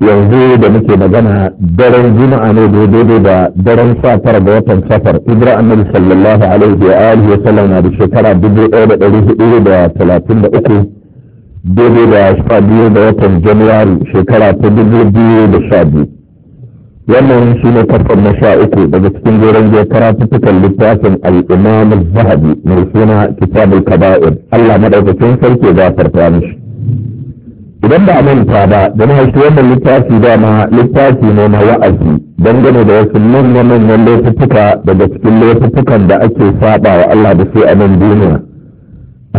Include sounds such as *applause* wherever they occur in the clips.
yanzu da muke magana daren juma'a ne daidai da daren sa tara ga watan safar hijira annabi sallallahu alaihi wa alihi wa sallam na da shekara dubu ɗaya da ɗari hudu da talatin da uku daidai da sha biyu da watan januwari shekara ta dubu biyu da sha biyu wannan shi ne kafar na sha uku daga cikin goron je karatuttukan littafin al'imam zahabi mai suna kitabul kaba'ir allah madaukakin sarki gafarta mishi idan ba a manta ba da na haifi wannan littafi dama littafi ne na wa'azi dangane da wasu manya-manyan laifuka daga cikin laifukan da ake saba wa Allah da su a nan duniya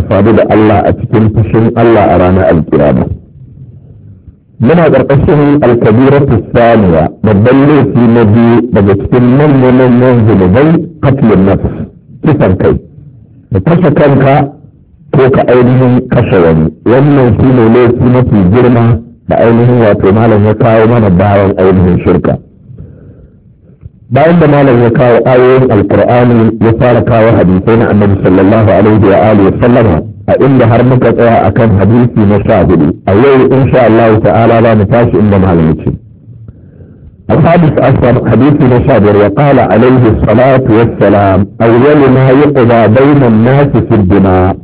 a sadu da Allah a cikin fushin Allah a ranar alkiyama muna ƙarƙashin alkabiratu saniya babban laifi na biyu daga cikin manya-manyan zunubai katlin nafs kisan kai da kashe kanka ko ka ainihin kashe wani wannan shi ne laifi mafi girma da ainihin wato malam ya kawo mana bayan ainihin shirka bayan da malam ya kawo ayoyin alkur'ani ya fara kawo hadisai na annabi sallallahu alaihi wa alihi sallama a inda har muka tsaya akan hadisi na sha hudu a yau insha Allah ta'ala za mu tashi inda malam ce الحادث عشر حديث مصادر وقال عليه الصلاة والسلام أول ما يقضى بين الناس في الدماء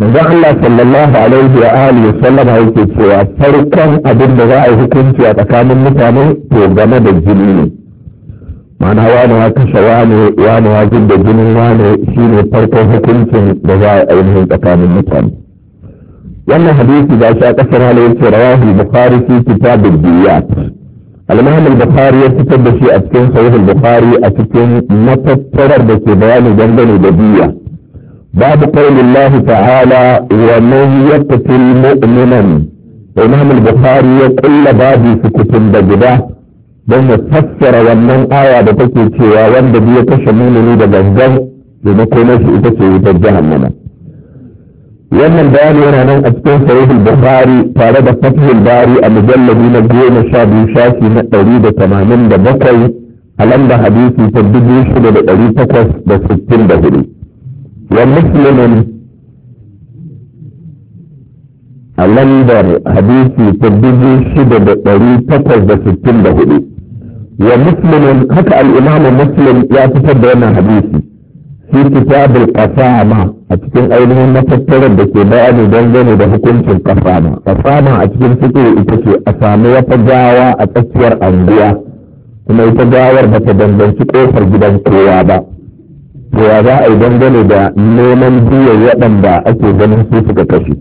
Maza Allah sallallahu alaihi wa alihi wa sallama yake cewa farkon abin da za a yi hukunci a tsakanin mutane to game da jini ne. Mana wani ya kashe wani wani ya da jinin wani shi ne farkon hukuncin da za a ainihin tsakanin mutane. Wannan hadisi ga shi a ƙasar hala yake rawahu Bukhari fi kitabul Diyat. Al-Imam al-Bukhari ya fitar da shi a cikin Sahih al-Bukhari a cikin matattarar da ke bayani dangane da biya. باب قول الله تعالى ومن يقتل مؤمنا امام البخاري يقول بابي سكتن بجدا don mu fassara wannan aya da take cewa wanda biyu kashe mumini da gangan da makomar shi ita ce wutar jahannama wannan bayani yana nan a cikin sahihul bukhari tare da fathul bari a mujallabi na goma sha biyu shafi na ɗari da tamanin da bakwai a lamba hadisi ta dubu shida da ɗari takwas da sittin da hudu wa muslimin a lambar hadisi ta dubu shida da ɗari takwas da sittin da hudu wa muslimin haka al'imamu muslim ya fitar da wannan hadisi fi kitabul qasama a cikin ainihin matattarar da ke don gani da hukuncin qasama qasama a cikin fiqh ita ce a sami wata gawa a tsakiyar anguwa kuma ita gawar bata ta ƙofar gidan kowa ba ya za a yi dangane da neman biyan waɗanda ake ganin su suka kashe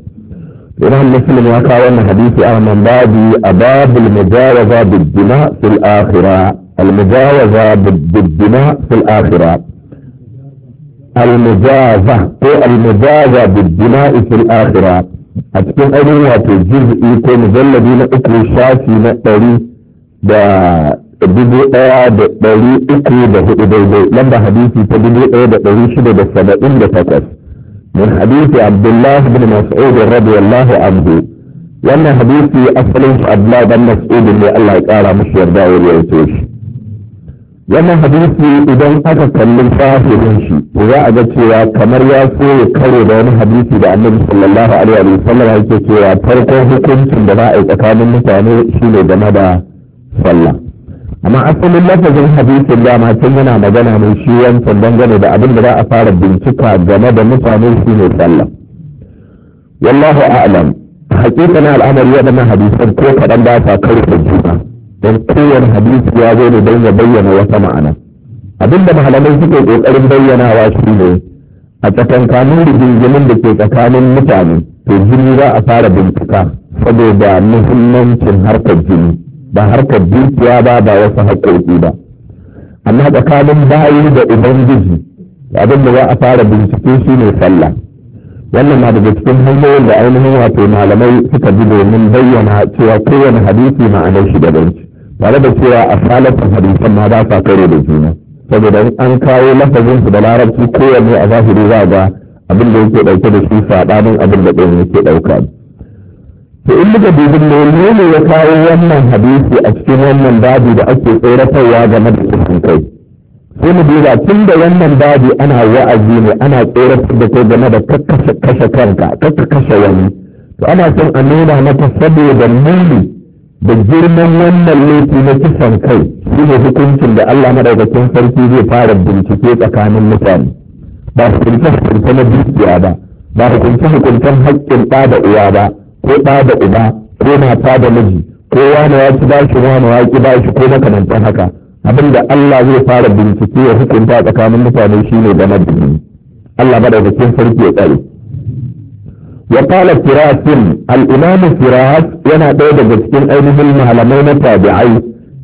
imam muslim ya kawo wannan hadisi a man babu a babul mujawaza biddima fil akhira al mujawaza biddima fil akhira al mujawaza ko al mujawaza biddima fil akhira a cikin ainihin wato juz'i ko mujalladi na uku shafi na ɗari da da dubu ɗaya da ɗari uku da hudu daidai lamba hadisi ta dubu ɗaya da ɗari shida da saba'in da takwas min hadisi abdullah bin mas'ud radiyallahu anhu wannan hadisi asalin shi abdullah bin mas'ud ne Allah ya kara musu yarda ya rawaito shi wannan hadisi idan aka kalli fahimin shi za a ga cewa kamar ya so ya karo da wani hadisi da annabi sallallahu alaihi wa sallam yake cewa farkon hukuncin da za a yi tsakanin mutane shine game da sallah amma asalin lafazin hadisin dama tun yana magana ne shi wancan dangane da abin da za a fara bincika game da mutane shi ne sallah wallahu a'lam hakika na al'amari waɗannan hadisan ko kaɗan ba sa karfe juna don kowane hadisi ya zo ne don ya bayyana wata ma'ana abin da mahalamai suke ƙoƙarin bayyanawa shi ne a tsakankanin rigingimin da ke tsakanin mutane to jini za a fara bincika saboda muhimmancin harkar jini ba harkar dukiya ba ba wasu haƙoƙi ba amma tsakanin bayi da ubangiji abin da za a fara bincike shi ne sallah wannan na daga cikin hanyoyin da ainihin wato malamai suka bi domin bayyana cewa kowane hadisi ma'anar shi da banci tare da cewa a salatin hadisan ma ba sa karo da juna saboda an kawo lafazinsu da larabci kowanne a zahiri za ga abin da yake dauke da shi saɓanin abin da ɗayan yake ɗauka to in muka dubi menene ya kawo wannan hadisi a cikin wannan babu da ake tsoratarwa game da kisan kai sai mu duba tun da wannan babu ana wa'azi ne ana tsoratar da kai game da kakkashe kashe kanka kakka wani to ana son a nuna maka saboda muni da girman wannan laifi na kisan kai shi ne hukuncin da Allah madaukakin sarki zai fara bincike tsakanin mutane ba su na dukiya ba ba hukunce hukuncen haƙƙin ɗa da uwa ba ko ɗa da uba ko mata da miji ko wani ya ci bashi wani ya ki bashi ko makamantan haka abinda Allah zai fara bincike ya hukunta tsakanin mutane shine da madini Allah madaukakin sarki ya tsare ya qala firasin al-imam firas yana ɗaya daga cikin ainihin malamai na tabi'ai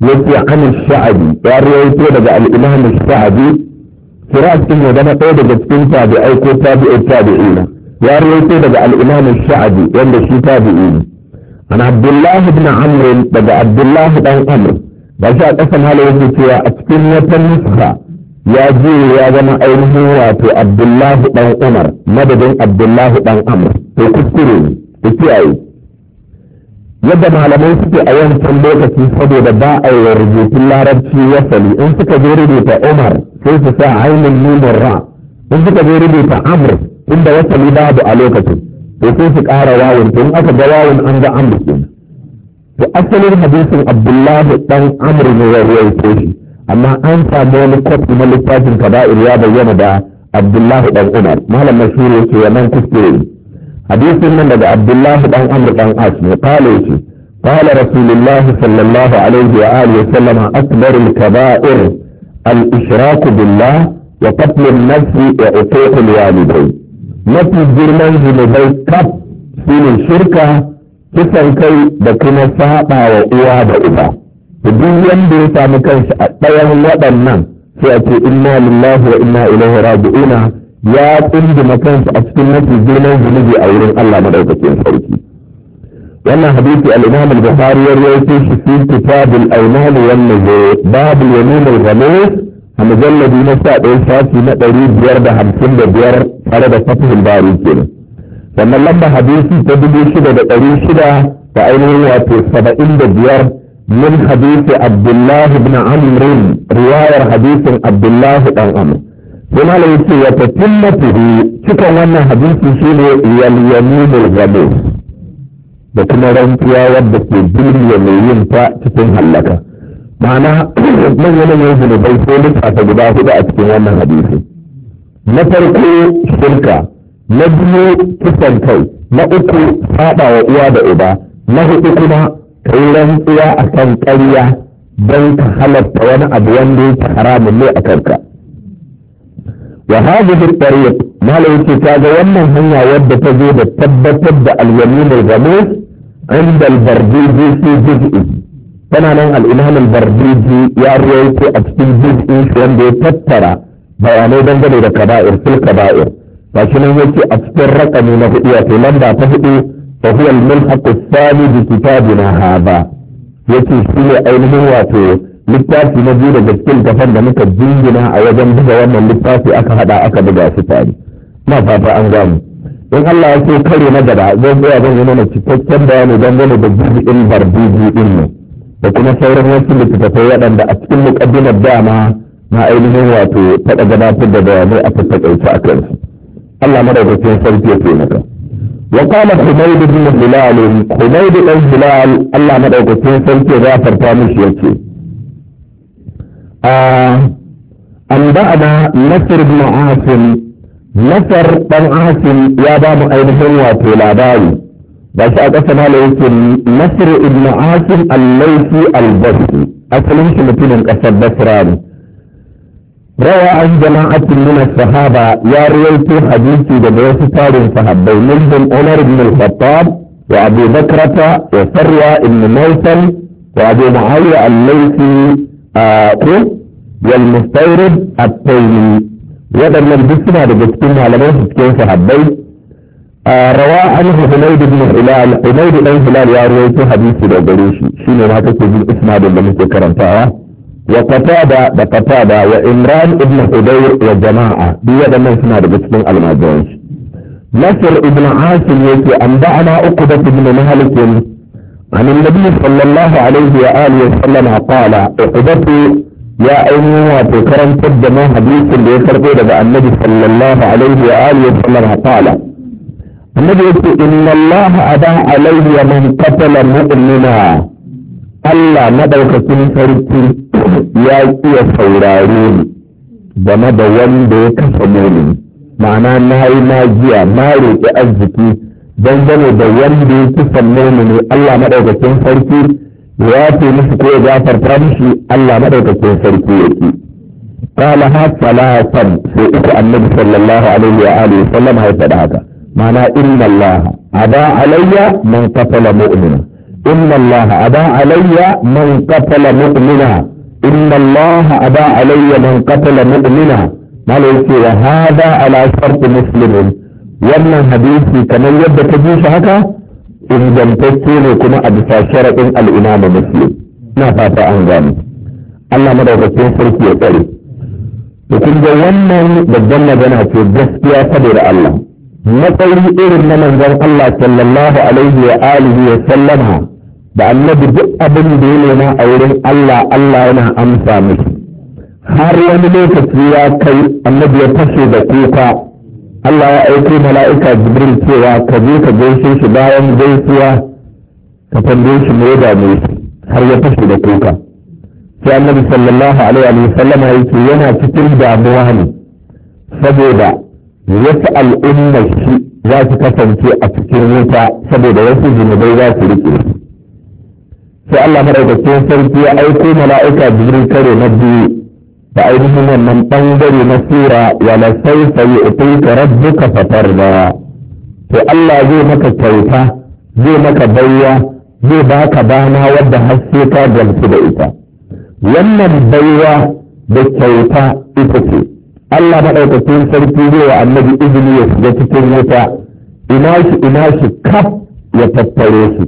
yake an sha'abi ya rawaito daga al-imam sha'abi firas din ya zama ɗaya daga cikin tabi'ai ko tabi'ai tabi'ina ya rawaito daga al-imam sha'abi wanda shi tabi'i ne an abdullahi ibn amr daga abdullahi dan amr ba shi a kasan hala yake cewa a cikin wata nusra ya je ya zama ainihin wato abdullahi dan umar madadin abdullahi dan amr to kuskure ne ku kiyaye yadda malamai suke a yankin lokaci saboda ba a yi rubutun larabci wasali in suka zo rubuta umar sai su sa ainihin nunin ra in suka zo rubuta amr tunda wasali babu a lokacin to sai su ƙara wawun in aka ga wawun an ga amr kenan to asalin hadisin abdullahi dan amr ne ya ko shi amma an samu wani kwafi na littafin kaba'ir ya bayyana da abdullahi dan umar malam mashhur yake ya nan kuskure hadisin nan daga abdullahi dan amr dan as ne kale yake قال رسول الله صلى الله عليه وآله وسلم أكبر الكبائر الإشراك بالله وقتل النفس وعقوق الوالدين mafi girman zunubai kaf shi ne shirka kisan kai da kuma saba wa uwa da uba duk wanda ya samu kanshi a ɗayan waɗannan sai a ce inna lillahi wa inna ilaihi raji'una ya tsunduma kansa a cikin mafi girman zunubi a wurin Allah madaukakin sarki wannan hadisi al-Imam al-Bukhari ya rawaito shi fi kitab al-Ayman wal Nuzur bab yamin al-Ghamus المجلد نساء الفاتي نقري بيار ده حمسين ده بيار على ده فتح الباري كده وما لما حديثي تدبي شده ده قري شده فأيني واتي سبعين ده بيار من حديث عبد الله بن عمرو رواية حديث عبد الله بن عمرو بنا ليس يتتمته شكا وانا حديث شيني يليمين الغدوس بكما رمتيا ودك بدون يمين فاتتن هلكه ma'ana manya-manyan zunubai sai lissafa guda hudu a cikin wannan hadisi na farko shirka na biyu kisan kai na uku saba wa uwa da uba na hudu kuma kai rantsuwa a kan ƙarya don ka halatta wani abu wanda yake haramun ne a kanka wa hadhihi at-tariq mala yake kaga wannan hanya wadda ta zo da tabbatar da al-yamin al-ghamus inda al-bardi fi juz'i tana nan al'imam barbiji ya ruwaito a cikin juz'in shi wanda ya tattara bayanai dangane da kaba'ir fil kaba'ir ba shi nan yake a cikin rakami na hudu wato lamba ta hudu fa huwa al-mulhaq as-sami bi kitabina hadha yake shi ne ainihin wato littafi na biyu daga cikin kafan da muka jingina a wajen buga wannan littafi aka hada aka buga shi tare na fata an gamu in Allah ya so kare na gaba zan tsaya zan yi mana cikakken bayani dangane da juz'in barbiji din da kuma sauran wasu littattafai waɗanda a cikin muƙaddimar dama na ainihin wato taɗa gabatar da bayanai a tattaƙaice a kansu Allah madaukakin sarki ya taimaka wa qala humayd ibn hilal humayd ibn hilal Allah madaukakin sarki ya gafarta mishi yace an ba'da nasr ibn asim nasr dan asim ya ba mu ainihin wato labari بس أتصل على اسم نصر ابن عاصم الليثي البصري أصل اسم أسد الأسد بصران روى عن جماعة من الصحابة يا رويت حديثي بدرس صالح صحابي منهم عمر بن الخطاب وأبو بكرة وسروى بن موسم وأبو معاوية الليثي آه والمستورد التيمي وهذا من البصري هذا بيتكلم على موسم كيف حبيت رواه عنه حميد بن هلال حميد بن هلال يا رويت حديث دوغريش شنو ما تكتب الاسناد اللي متكرم فيها وقتادة بقتادة وإمران بن حدير وجماعة بيد ما يسمى بسم المجوش نصر بن عاصم يكي دعنا أقبة بن مالك عن النبي صلى الله عليه وآله وسلم قال عقبة يا أيها وتكرم تبدأ ما حديث اللي يكرقوا النبي صلى الله عليه وآله وسلم قال annabi yace inna allaha adan wa man qatala mu'mina Allah na madaukakin sarki ya kiya saurare ni game da wanda ya kafa mumini ma'ana na yi majiya na roƙi arziki don dangane da wanda ya kafa mumini Allah na madaukakin sarki ya ce musu ko ya gafarta mushi Allah madaukakin sarki yake قالها ثلاثا في أن النبي صلى الله عليه وآله وسلم هي صدقه mana inna Allah aba alayya man qatala mu'mina inna Allah aba alayya man qatala mu'mina inna Allah aba alayya man qatala mu'mina mala yake wa hada ala shart muslimin wannan hadisi kamar yadda ta ji shi haka ingantacce ne kuma a bisa sharaɗin al'imama muslim na fata an gani Allah madaukakin sarki ya tsare to kun ga wannan babban magana ce gaskiya saboda Allah matsayi irin na manzon Allah sallallahu alaihi wa alihi wa sallama da annabi duk abin da ya nema a wurin Allah Allah yana amsa mishi har wani lokaci ya kai annabi ya fashe da kuka Allah ya aiko mala'ika Jibril cewa ka je ka gaishe shi bayan gaisuwa ka tambaye shi me ya dame shi har ya fashe da kuka sai annabi sallallahu alaihi wa sallama yake yana cikin damuwa ne saboda wasu al'ummar shi za su kasance a cikin wuta saboda wasu zunubai za su riƙe sai Allah maɗaukakin sarki ya aiko mala'ika jibril kare na biyu da ainihin wannan bangare na sura wala sai sai utuka rabbuka fatarda to Allah zai maka kyauta zai maka bayya zai baka dama wadda har sai ka gamsu da ita wannan baiwa da kyauta ita ce Allah maɗaukakin sarki zai wa annabi izini ya shiga cikin wuta ina shi ina shi kaf ya tattare su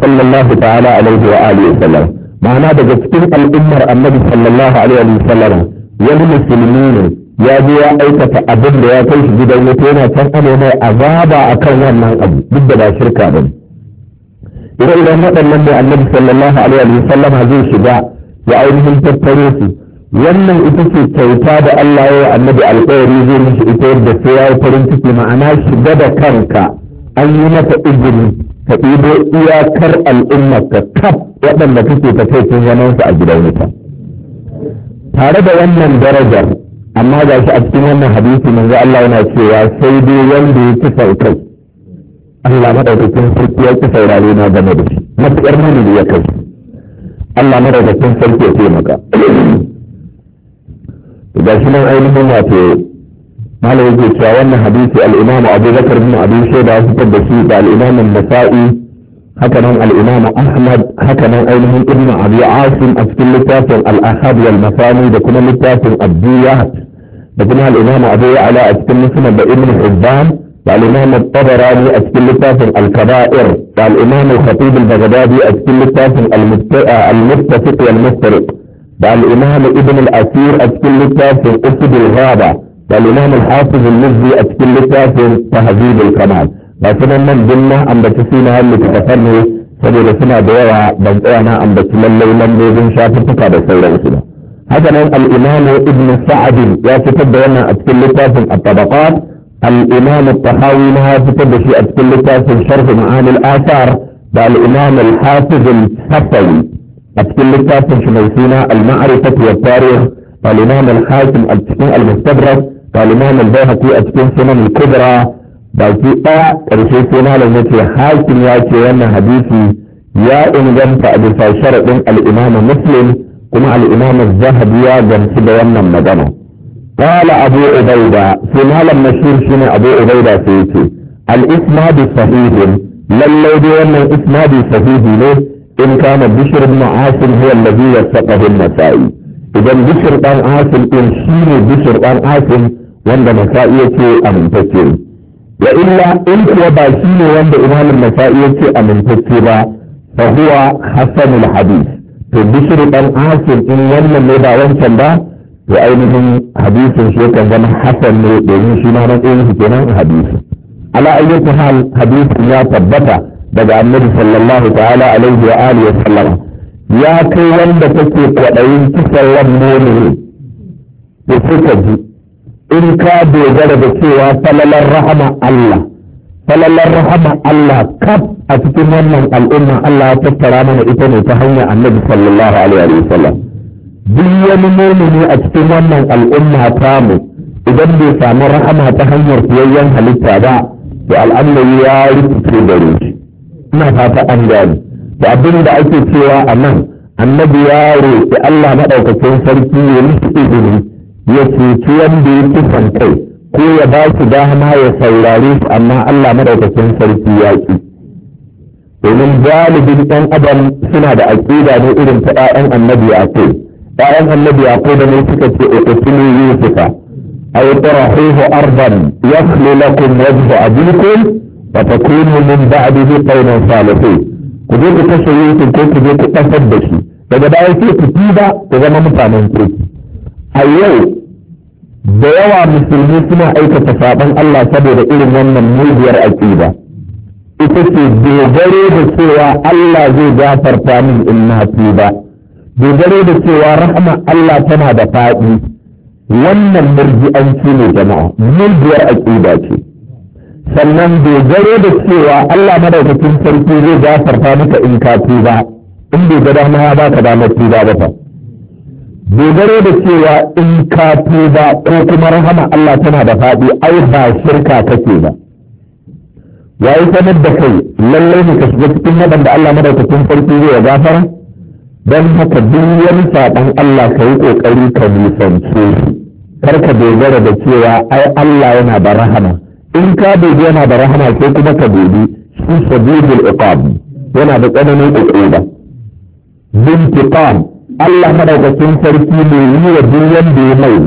sallallahu ta'ala alaihi wa alihi sallam ma'ana daga cikin al'ummar annabi sallallahu alaihi wa sallam wani musulmi ne ya je ya aikata abin da ya kai shi gidan wuta yana can ana mai azaba akan wannan abu duk da ba shirka ba ire-iren waɗannan da annabi sallallahu alaihi wa sallam zai shiga ya ainihin tattare su wannan ita ce kyauta da Allah ya annabi alƙawari zai mishi ita yadda sai ya yi farin ciki ma'ana shiga da kanka an yi maka izini ka ɗibo iyakar al'ummarka kaf waɗanda kake ta kai sun a gidan wuta tare da wannan darajar amma ga shi a cikin wannan hadisi manzo Allah yana cewa sai dai wanda ya ci saukai Allah madaukakin sarki ya ci saurare na game da shi matuƙar mani ya kai Allah madaukakin sarki ya taimaka ga shi nan ainihin wato malam yake cewa wannan hadisi al-imamu abu zakar bin abin shaida fitar da shi da al-imamu nasa'i haka nan al-imamu ahmad haka nan ainihin ibn abi asim a cikin littafin al-ahad wal masani da kuma littafin abdiyat da kuma al-imamu abu ya'la a cikin musnad da ibn hibban da al-imamu tabarani a cikin littafin al-kaba'ir da al-imamu khatib al-baghdadi a cikin littafin al-muttafiq wal mustariq بل الامام ابن الاثير أتكل كافر اسد الغابة بل الامام الحافظ النزي أتكل كافر تهذيب الكمال لكن من ضمن ان بتسينا هل تتفنه سبي لسنا دوارا بزعنا ان بتلل لم يزن شافتك بسيرا وسنا هذا من الامام ابن سعد يا تتبع لنا اتكلتا في الطبقات الامام الطحاوي لها تتبع في اتكلتا في شرح معاني الاثار بل الامام الحافظ الحفوي أتكلم لكاتب شميسينا المعرفة والتاريخ فالإمام الحاكم أتكلم المستبرك فالإمام البيهقي أتكلم سنن الكبرى بلتي أ آه، رشيسينا لنتي حاكم ياتي وانا حديثي يا إن جم فأدفع شرق الإمام مسلم كما الإمام الذهبي يا جم سبوانا مدنة قال أبو عبيدة سنة لما شير شنة أبو عبيدة سيتي الإسماد صحيح لن لو دي الإسماد صحيح ليه in kana bishir ibn asin huwa alladhi wasaqahu an idan bishir dan asin in shine bishir dan asin wanda nasa'i yake amintacce ya illa in kuwa ba shine wanda imam an-nasa'i yake amintacce ba fa huwa hasanul hadith to bishir dan asin in wannan ne ba wancan ba to ainihin hadisin shi yakan zama hasan ne domin shi ma matsayin shi kenan hadisin ala ayyatu hal hadisin ya tabbata daga annabi sallallahu ta'ala alaihi wa alihi wasallam ya kai wanda take kwadayin kisan wannan ne da suka ji in ka dogara da cewa falalar rahama Allah falalar rahama Allah kaf a cikin wannan al'umma Allah ya tattara mana ita ne ta hanyar annabi sallallahu alaihi wa sallam duk wani mumini a cikin wannan al'umma tamu idan bai samu rahama ta hanyar fiyayyen halitta ba to al'amari ya rikice gare ina fata an gane da abin da ake cewa a nan annabi ya roƙi Allah maɗaukacin sarki ya nufi izini ya cuci wanda ya san kai ko ya ba su dama ya saurare su amma Allah maɗaukacin sarki ya ƙi domin galibin ɗan adam suna da aƙida ne irin ta ɗayan annabi ya ce ɗayan annabi ya ko da ne suka ce uqtulu yusufa ay tarahuhu ardan yakhlu lakum wajen فتكون من بعده قوم صالحين ku je ku kashe yankin ko ku je da daga baya sai ku tuba ku zama mutanen kirki a yau da yawa musulmi suna aikata saban Allah saboda irin wannan mugiyar aqida ita ce dogaro da cewa Allah zai gafarta min in na tuba dogaro da cewa rahama Allah tana da faɗi wannan murji'anci ne jama'a mugiyar aqida ce sannan dogaro da cewa Allah madaukakin sarki zai gafarta maka in ka ba in bai ga dama ya baka damar tuba ba fa dogaro da cewa in ka ba ko kuma rahama Allah tana da faɗi ai ba shirka kake ba yayi sanar da kai lallai ne ka shiga cikin da Allah madaukakin sarki zai gafara don haka duk wani Allah ka yi ƙoƙari ka nisance shi kar ka dogara da cewa ai Allah yana da rahama in ka dubi yana da rahama ko kuma ka dubi shi sabibul iqab yana da tsananin uquba bintiqam Allah madaukakin sarki mai yi wa duk wanda ya mai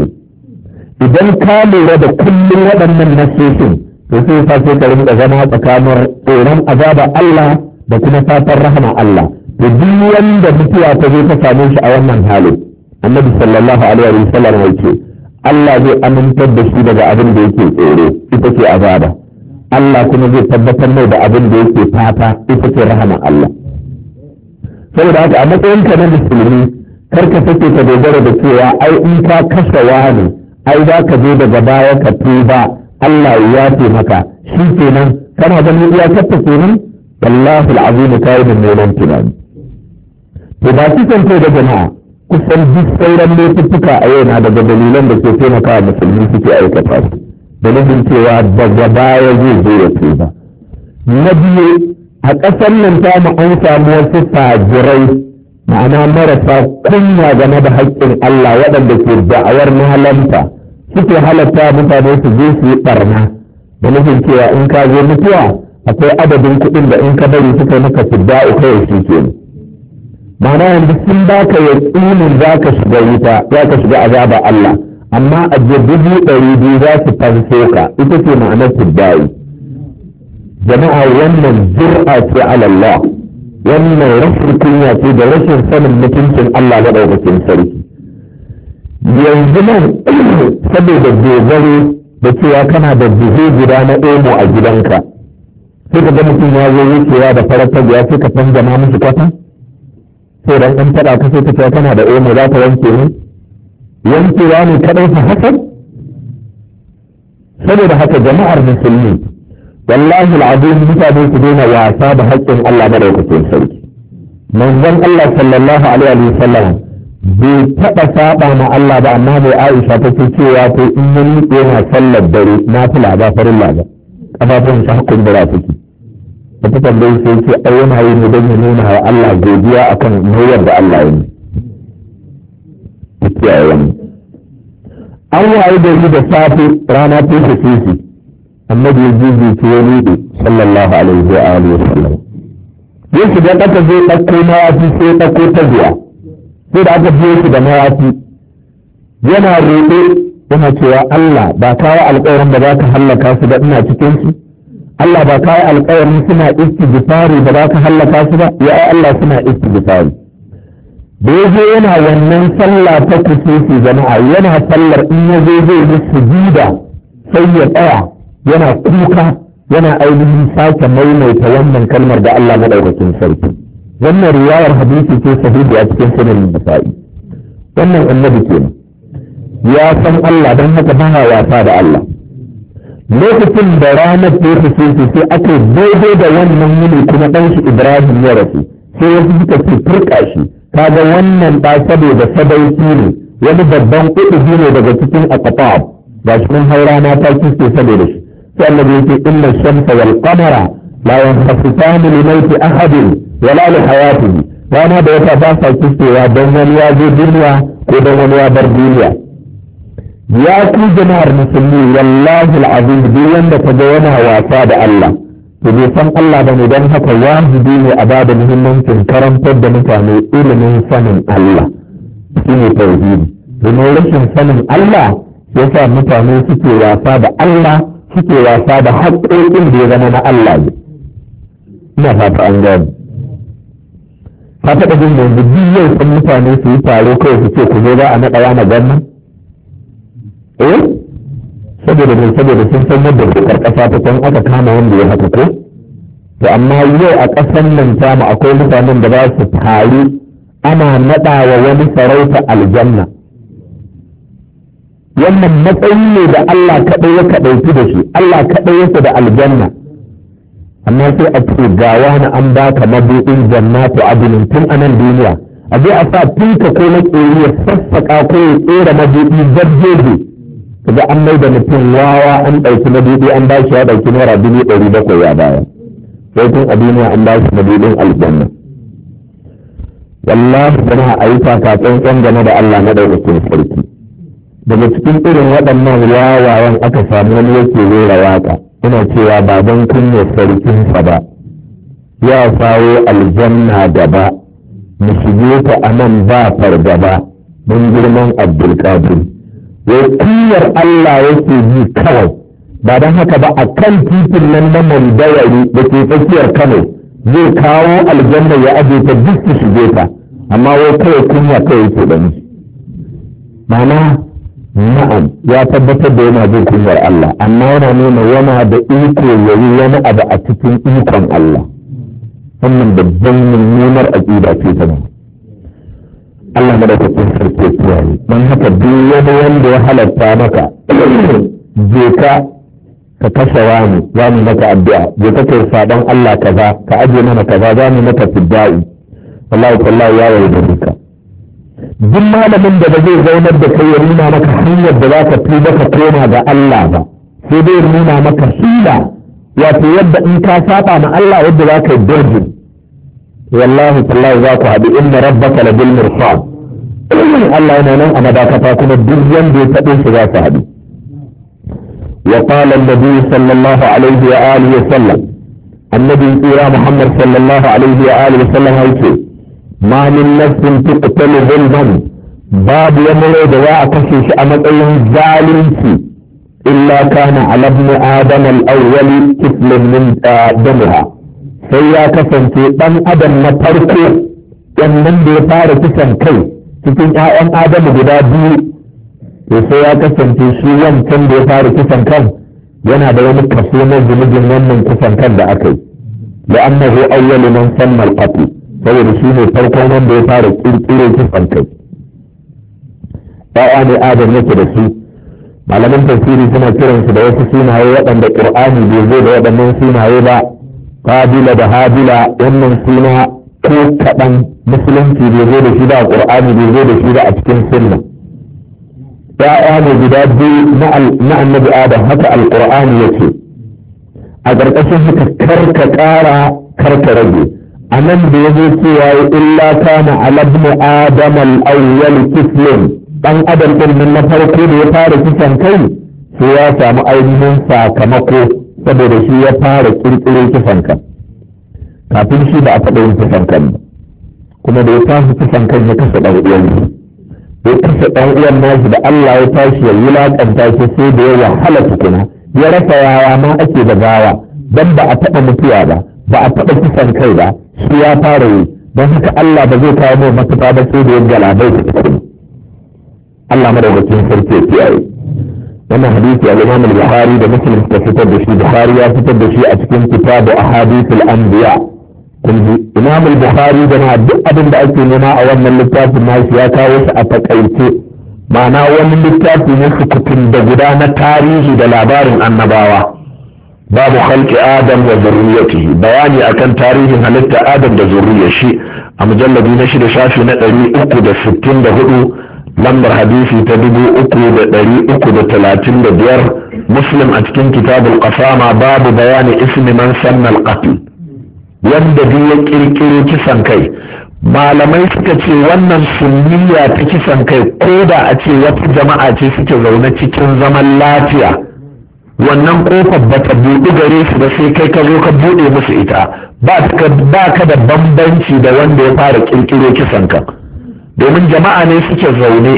idan ka lura da kullum waɗannan nasoshin to sai ka sai ka rinka zama tsakanin tsoron azaba Allah da kuma fatan rahama Allah da duk wanda mutuwa ta zo ta same shi a wannan halin annabi sallallahu alaihi wa sallam yake Allah zai amintar da shi daga abin da yake tsoro ita ce azaba Allah kuma zai tabbatar mai da abin da yake fata ita ce rahaman Allah saboda haka a matsayin ka na musulmi kar ka take ka dogara da cewa ai in ka kashe wani ai za ka je daga baya ka tuba Allah ya yafe maka shi kenan kana ganin iyakar ta kenan wallahi al'azim kai mun neman tunani to ba san kai da jama'a kusan duk sauran laifuka a yau na daga dalilan da ke taimakawa musulmi suke aikata su da cewa daga baya zai zo ya ba. na biyu a ƙasar nan ta mu an samu wasu fajirai ma'ana marasa kunya game da haƙƙin Allah waɗanda ke da'awar mahalanta suke halatta mutane su je su yi ɓarna da cewa in ka zo mutuwa akwai adadin kuɗin da in ka bari suka maka fidda'u kawai shi kenan ma'ana yanzu sun baka yaqinin zaka shiga wuta ka shiga azaba Allah amma a dubu ɗari biyu za su fanso ka ita ce ma'anar tuddayi jama'a wannan jur'a ce alallah wannan rashin kunya ce da rashin sanin mutuncin Allah maɗaukakin sarki yanzu nan *clears throat* saboda dogaro da cewa kana da buhu guda na emo a gidanka sai ka ga mutum ya zo wucewa da farar ya sai ka canza ma musu kwata sai dan an taɓa ka sai ta ce kana da omo za ta wanke ne wankewa ne ka fa hakan saboda haka jama'ar musulmi wallahi al'azim mutane su daina wasa da haƙƙin Allah madaukakin sarki manzon Allah sallallahu alaihi wa sallam bai taɓa saɓa ma Allah ba amma mai Aisha ta ce cewa to in ya miƙe na sallar dare na fila laba farin laba ƙafafun shi hakkun da suke da ta tambayi sai ce ai yana yi ne don ya nuna wa Allah godiya akan niyyar da Allah ya yi kiyaye wani an waye da shi da safe rana ta tafi annabi ya jiji ce ya nide sallallahu alaihi wa alihi wa sallam ya shiga kasa zai ɗauko mawafi sai ɗauko ta zuwa sai da aka biyo shi da mawafi yana roƙe yana cewa Allah ba kawo alƙawarin da za ka hallaka su da ina cikin su Allah ba yi alƙawarin suna istighfari ba za ka hallaka su ba ya ai Allah suna istighfari da yaje yana wannan sallah ta kusufi jama'a yana sallar in zo zai yi sujuda sai ya tsaya yana kuka yana ainihin sake maimaita wannan kalmar da Allah madaukakin sarki wannan riwayar hadisi ce sahihi a cikin sunan Bukhari wannan annabi ke ya san Allah don haka ba wasa da Allah lokacin da ranar ta yi su sai aka daidai da wannan yini kuma ɗan shi ibrahim ya rasu sai wasu suka ce turka shi kaga wannan ɗa saboda sadauki ne wani babban kuɗi ne daga cikin aqtab ba shi mun haura na ta kiste saboda shi sai annabi yake inna shamsa wal qamara la yanfasitan li mawti ahadin wala li hayatihi rana da wata ba sa kistewa don wani ya zo duniya ko don wani ya bar duniya ya ku jama'ar musulmi wallahi al'azim duk wanda ka ga yana wasa da Allah to bai san Allah bane don haka wajibi ne a bada muhimmancin karantar da mutane ilimin sanin Allah shine tauhidi domin rashin sanin Allah yasa mutane suke wasa da Allah suke wasa da haƙƙoƙin da ya zama na Allah ne ina fata an gani ka taɓa jin yanzu duk yau mutane su yi taro kawai su ce ku zo za a naɗa na gwamnati eh saboda mai saboda sun san yadda dokar ƙasa ta san aka kama wanda ya haka ko to amma yau a ƙasan nan tamu akwai mutanen da za su taru ana naɗa wa wani sarauta aljanna wannan matsayi ne da Allah kaɗai ya kaɗaici da shi Allah kaɗai yasa da aljanna amma sai a ce ga wani an baka mabuɗin jannatu adinin tun a nan duniya a je a sa tuka ko na ƙeri ya sassaƙa ko ya tsera mabuɗi jajjeje ga an mai da mutum wawa an ɗauki madubi an bashi ya ɗauki naira dubu ɗari bakwai ya baya sai tun a duniya an bashi madubin aljanna wallahi jama'a a yi kakatsan yan game da Allah na ɗaukakin sarki daga cikin irin waɗannan wawayen aka samu wani yake rera waƙa ina cewa ba don kunya sarkinsa ba ya sawo aljanna gaba mu shige ta a nan ba fargaba don girman abdulkadir wai kunyar Allah yake ji kawai ba don haka ba a kan titin nan na mandawari da ke tsakiyar kano zai kawo aljanna ya aje ta duk su shige ta amma wai kawai kunya kawai yake gani ma'ana na'am ya tabbatar da yana jin kunyar Allah amma yana nuna yana da iko yayi wani abu a cikin ikon Allah wannan babban mummunar aƙida ce ta Allah madaukakin sarki ya kiyaye don haka duk wani wanda ya halatta maka *clears throat* je ka ka kashe wani za mu maka addu'a je ka kai sadan Allah kaza ka aje mana kaza za mu maka fiddai wallahi wallahi ya da duka duk malamin da ba zai zaunar da kai ya nuna maka hanyar da za ka maka ka koma ga Allah ba sai dai nuna maka hila wato yadda in ka saba ma Allah yadda za ka yi والله الله ذاك هذه إن ربك لبالمرصاد *clears throat* الله أنا أنا ذاك فاكم الدنيا بيتبين سباك هذه وقال النبي صلى الله عليه وآله وسلم النبي إيرا محمد صلى الله عليه وآله وسلم هايكي ما من نفس تقتل ظلما باب يمرو دواء كشيش أمد أيهم ظالمتي إلا كان على ابن آدم الأول كفل من آه، دمها sai ya kasance ɗan adam na farko wannan da ya fara kisan kai cikin 'ya'yan adamu guda biyu to sai ya kasance shi wancan da ya fara kisan kan yana da wani kaso na zunubin wannan kisan kan da aka yi da annahu awwalu man sanna al-qatl saboda shi ne farkon wanda ya fara kirkiro kisan kai ya'ya ne adam yake da su malaman tafsiri suna kiransu da wasu sunaye waɗanda qur'ani bai zo da waɗannan sunaye ba kabila da habila wannan suna ko kaɗan musulunci bai zo da shi ba ƙur'ani bai zo da shi ba a cikin sunna ya'ya ne guda biyu na annabi adam haka alƙur'ani ya ce a ƙarƙashin haka karka ƙara karka rage a nan da ya zo cewa ya illa kama alabnu adam al-awwal kiflin dan adam din na farko da ya fara kisan kai sai ya samu ainihin sakamako saboda shi ya fara kirkiro kisan kan kafin shi ba a taɓa yin kifan kan kuma da ya tashi kisan kan ya kasa ɗan uwan ya kasa ɗan uwan nashi da Allah ya tashi ya wulaƙanta shi sai da ya wahala tukuna ya rasa yawa ma ake da gawa dan ba a taɓa mutuwa ba ba a taɓa kisan kai ba shi ya fara yi don haka Allah ba zai kawo mai mafita ba sai da ya galabai da Allah madaukakin sarki ya kiyaye. وما حديث الإمام البخاري بمسلم كتب في بخاري وكتب في أتكن كتاب أحاديث الأنبياء الإمام البخاري بنا أبن بأيك لنا أولا لكتاب ما يسياك وسأتك أيك ما ناوان لكتاب نسك تندقدان تاريخ دلابار النباوة باب خلق آدم وذريته بياني أكن تاريخ هلت آدم وذريته أمجلد نشد شافي نقري أكد ستين دهدو lambar hadisi ta dubu uku da ɗari uku da talatin da biyar muslim a cikin kitabul qasama babu bayani ismi man sannal qatl yadda duk ya kirkiro kisan kai malamai suka ce wannan sunniya ta kisan kai ko da a ce wata jama'a ce suke zaune cikin zaman lafiya wannan kofar ba ta buɗi gare su ba sai kai ka zo ka buɗe musu ita ba ka da bambanci da wanda ya fara kirkiro kisan ka. domin jama'a ne suke zaune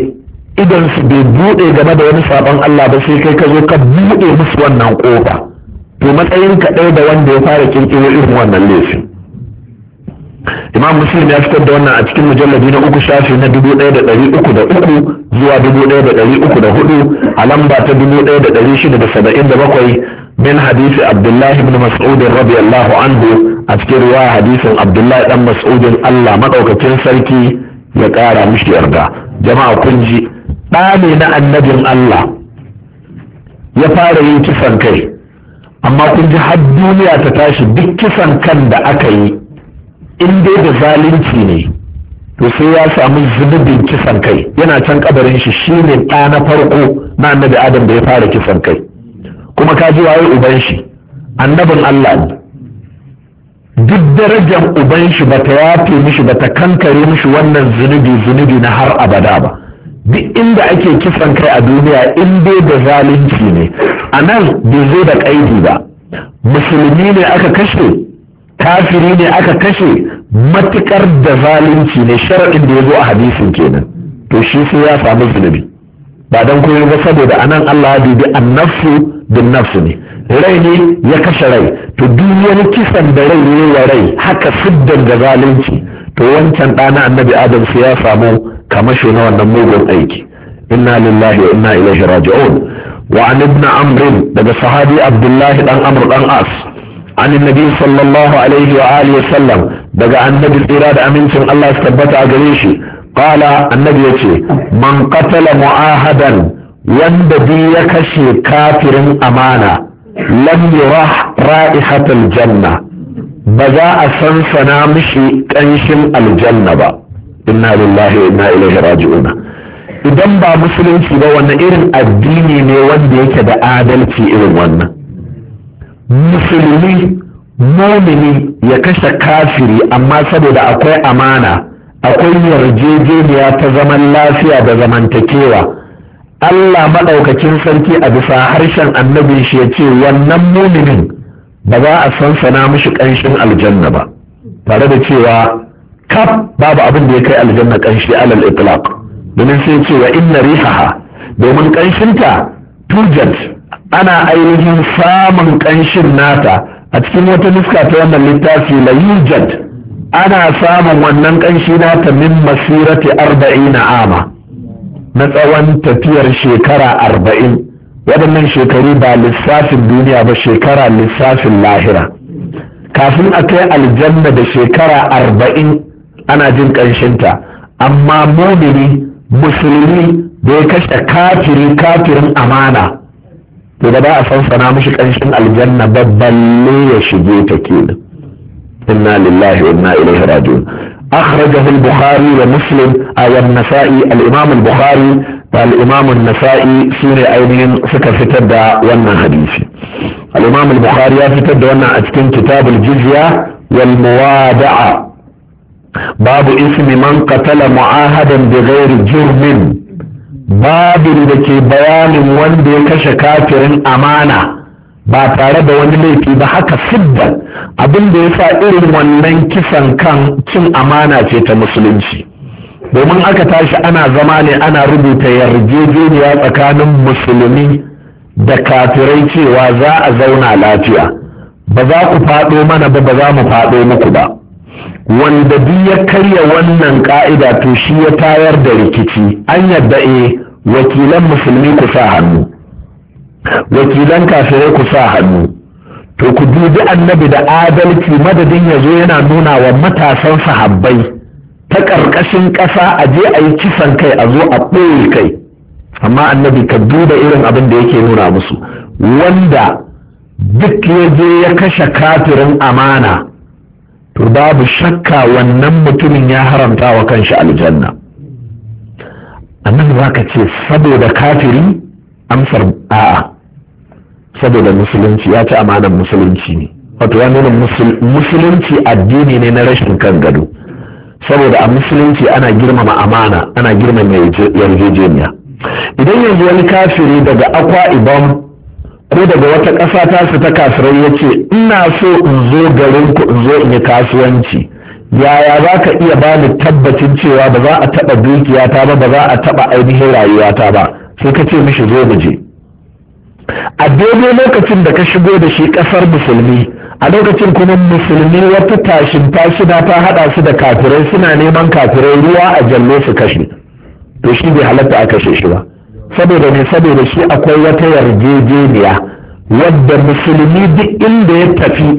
idan su bai buɗe game da wani sabon Allah ba sai kai ka zo ka buɗe musu wannan ƙofa to matsayin ka ɗaya da wanda ya fara kirkiro irin wannan laifin imam muslim ya fitar da wannan a cikin mujallabi na uku shafi na dubu ɗaya da ɗari uku da uku zuwa dubu ɗaya da ɗari uku da hudu a lamba ta dubu ɗaya da ɗari shida da saba'in da bakwai min hadisi abdullahi ibn mas'udin radiyallahu anhu a cikin a hadisin abdullahi dan mas'udin allah maɗaukakin sarki ya ƙara mishi yarda jama'a kun ji ɗa ne na annabin Allah ya fara yin kisan kai amma kun ji har duniya ta tashi duk kisan kan da aka yi in dai da zalunci ne to sai ya samu zunubin kisan kai yana can kabarin shi shine ɗa na farko na annabi adam da ya fara kisan kai kuma ka ji waye uban shi annabin Allah ne duk darajar uban shi ba ta yafe mishi ba ta kankare mishi wannan zunubi zunubi na har abada ba duk inda ake kisan kai a duniya in dai da zalunci ne a nan bai zo da ƙaidi ba musulmi ne aka kashe kafiri ne aka kashe matukar da zalunci ne sharaɗin da ya zo a hadisin kenan to shi sai ya samu zunubi ba don kuma ba saboda anan Allah ya dubi annafsu bin nafsu ne rai ne ya kashe rai to duk kisan da rai ne wa rai haka siddan da zalunci to wancan ɗana annabi adam su ya samu kamasho na wannan mugun aiki inna lillahi wa inna ilaihi raji'un wa an ibn amr daga sahabi abdullahi dan amr dan as an annabi sallallahu alaihi wa alihi wa sallam daga annabi tsira da amincin Allah su tabbata a gare shi qala annabi yace man qatala mu'ahadan wanda bi ya kashe kafirin amana lam yura ra'ihatul janna ba za a sansana mishi ƙanshin aljanna ba inna lillahi wa inna ilaihi raji'un idan ba musulunci ba wannan irin addini ne wanda yake da adalci irin wannan musulmi mumini ya kashe kafiri amma saboda akwai amana akwai yarjejeniya ta zaman lafiya da zamantakewa Allah maɗaukakin sarki a bisa harshen annabi shi ya ce wannan muminin ba za a sansana mishi ƙanshin aljanna ba tare da cewa kaf babu abin da ya kai aljanna ƙanshi alal itlaq domin sai ce wa inna rihaha domin ƙanshinta tujat ana ainihin samun ƙanshin nata a cikin wata niska ta wannan littafi la yujad ana samun wannan ƙanshi nata min masirati arba'ina ama na tsawon tafiyar shekara arba'in waɗannan shekaru ba lissafin duniya ba shekara lissafin lahira kafin a kai aljanna da shekara arba'in ana jin ƙanshinta amma mumini musulmi da ya kashe kafiri kafirin amana to da ba a sansana mishi ƙanshin aljanna babballe ya shige ta kenan inna lillahi wa inna ilaihi raji'un أخرجه البخاري ومسلم أي النسائي الإمام البخاري فالإمام النسائي سنة أيمين سكا فتد ونا حديثي الإمام البخاري فتد ونا أتكن كتاب الجزية والموادعة باب اسم من قتل معاهدا بغير جرم باب لكي بيان وان بيكش كافر أمانة ba tare da wani laifi ba haka sidda abin da ya sa irin wannan kisan kan cin amana ce ta musulunci domin aka tashi ana zama ne ana rubuta yarjejeniya tsakanin musulmi da kafirai cewa za a zauna lafiya ba za ku faɗo mana ba ba za mu faɗo muku ba wanda duk ya karya wannan ka'ida to shi ya tayar da rikici an yadda e wakilan musulmi ku sa hannu wakilan kafirai ku sa hannu to ku dubi annabi da adalci madadin ya zo yana nuna wa matasan sahabbai ta ƙarƙashin ƙasa a je a yi kisan kai a zo a ɓoye kai amma annabi ka duba irin abin da yake nuna musu wanda duk ya je ya kashe kafirin amana to babu shakka wannan mutumin ya haramta wa kanshi aljanna annabi za ka ce saboda kafiri amsar a'a saboda musulunci ya ci amanar musulunci ne wato ya nuna musulunci addini ne na rashin kan gado saboda a musulunci ana girmama amana ana girmama yarjejeniya idan yanzu wani kafiri daga akwa ibom ko daga wata ƙasa ta su ta kafirai ya ce ina so in zo garin ku in zo in yi kasuwanci yaya za ka iya bani tabbacin cewa ba za a taɓa dukiyata ba ba za a taɓa ainihin rayuwata ba sai ka ce mishi zo mu je a daidai lokacin da ka shigo da shi kasar musulmi a lokacin kuma musulmi wata tashin tashina ta hada su da kafirai suna neman kafirai ruwa a jallo su kashe to shi bai halatta a kashe shi ba saboda ne saboda shi akwai wata yarjejeniya wadda musulmi duk inda ya tafi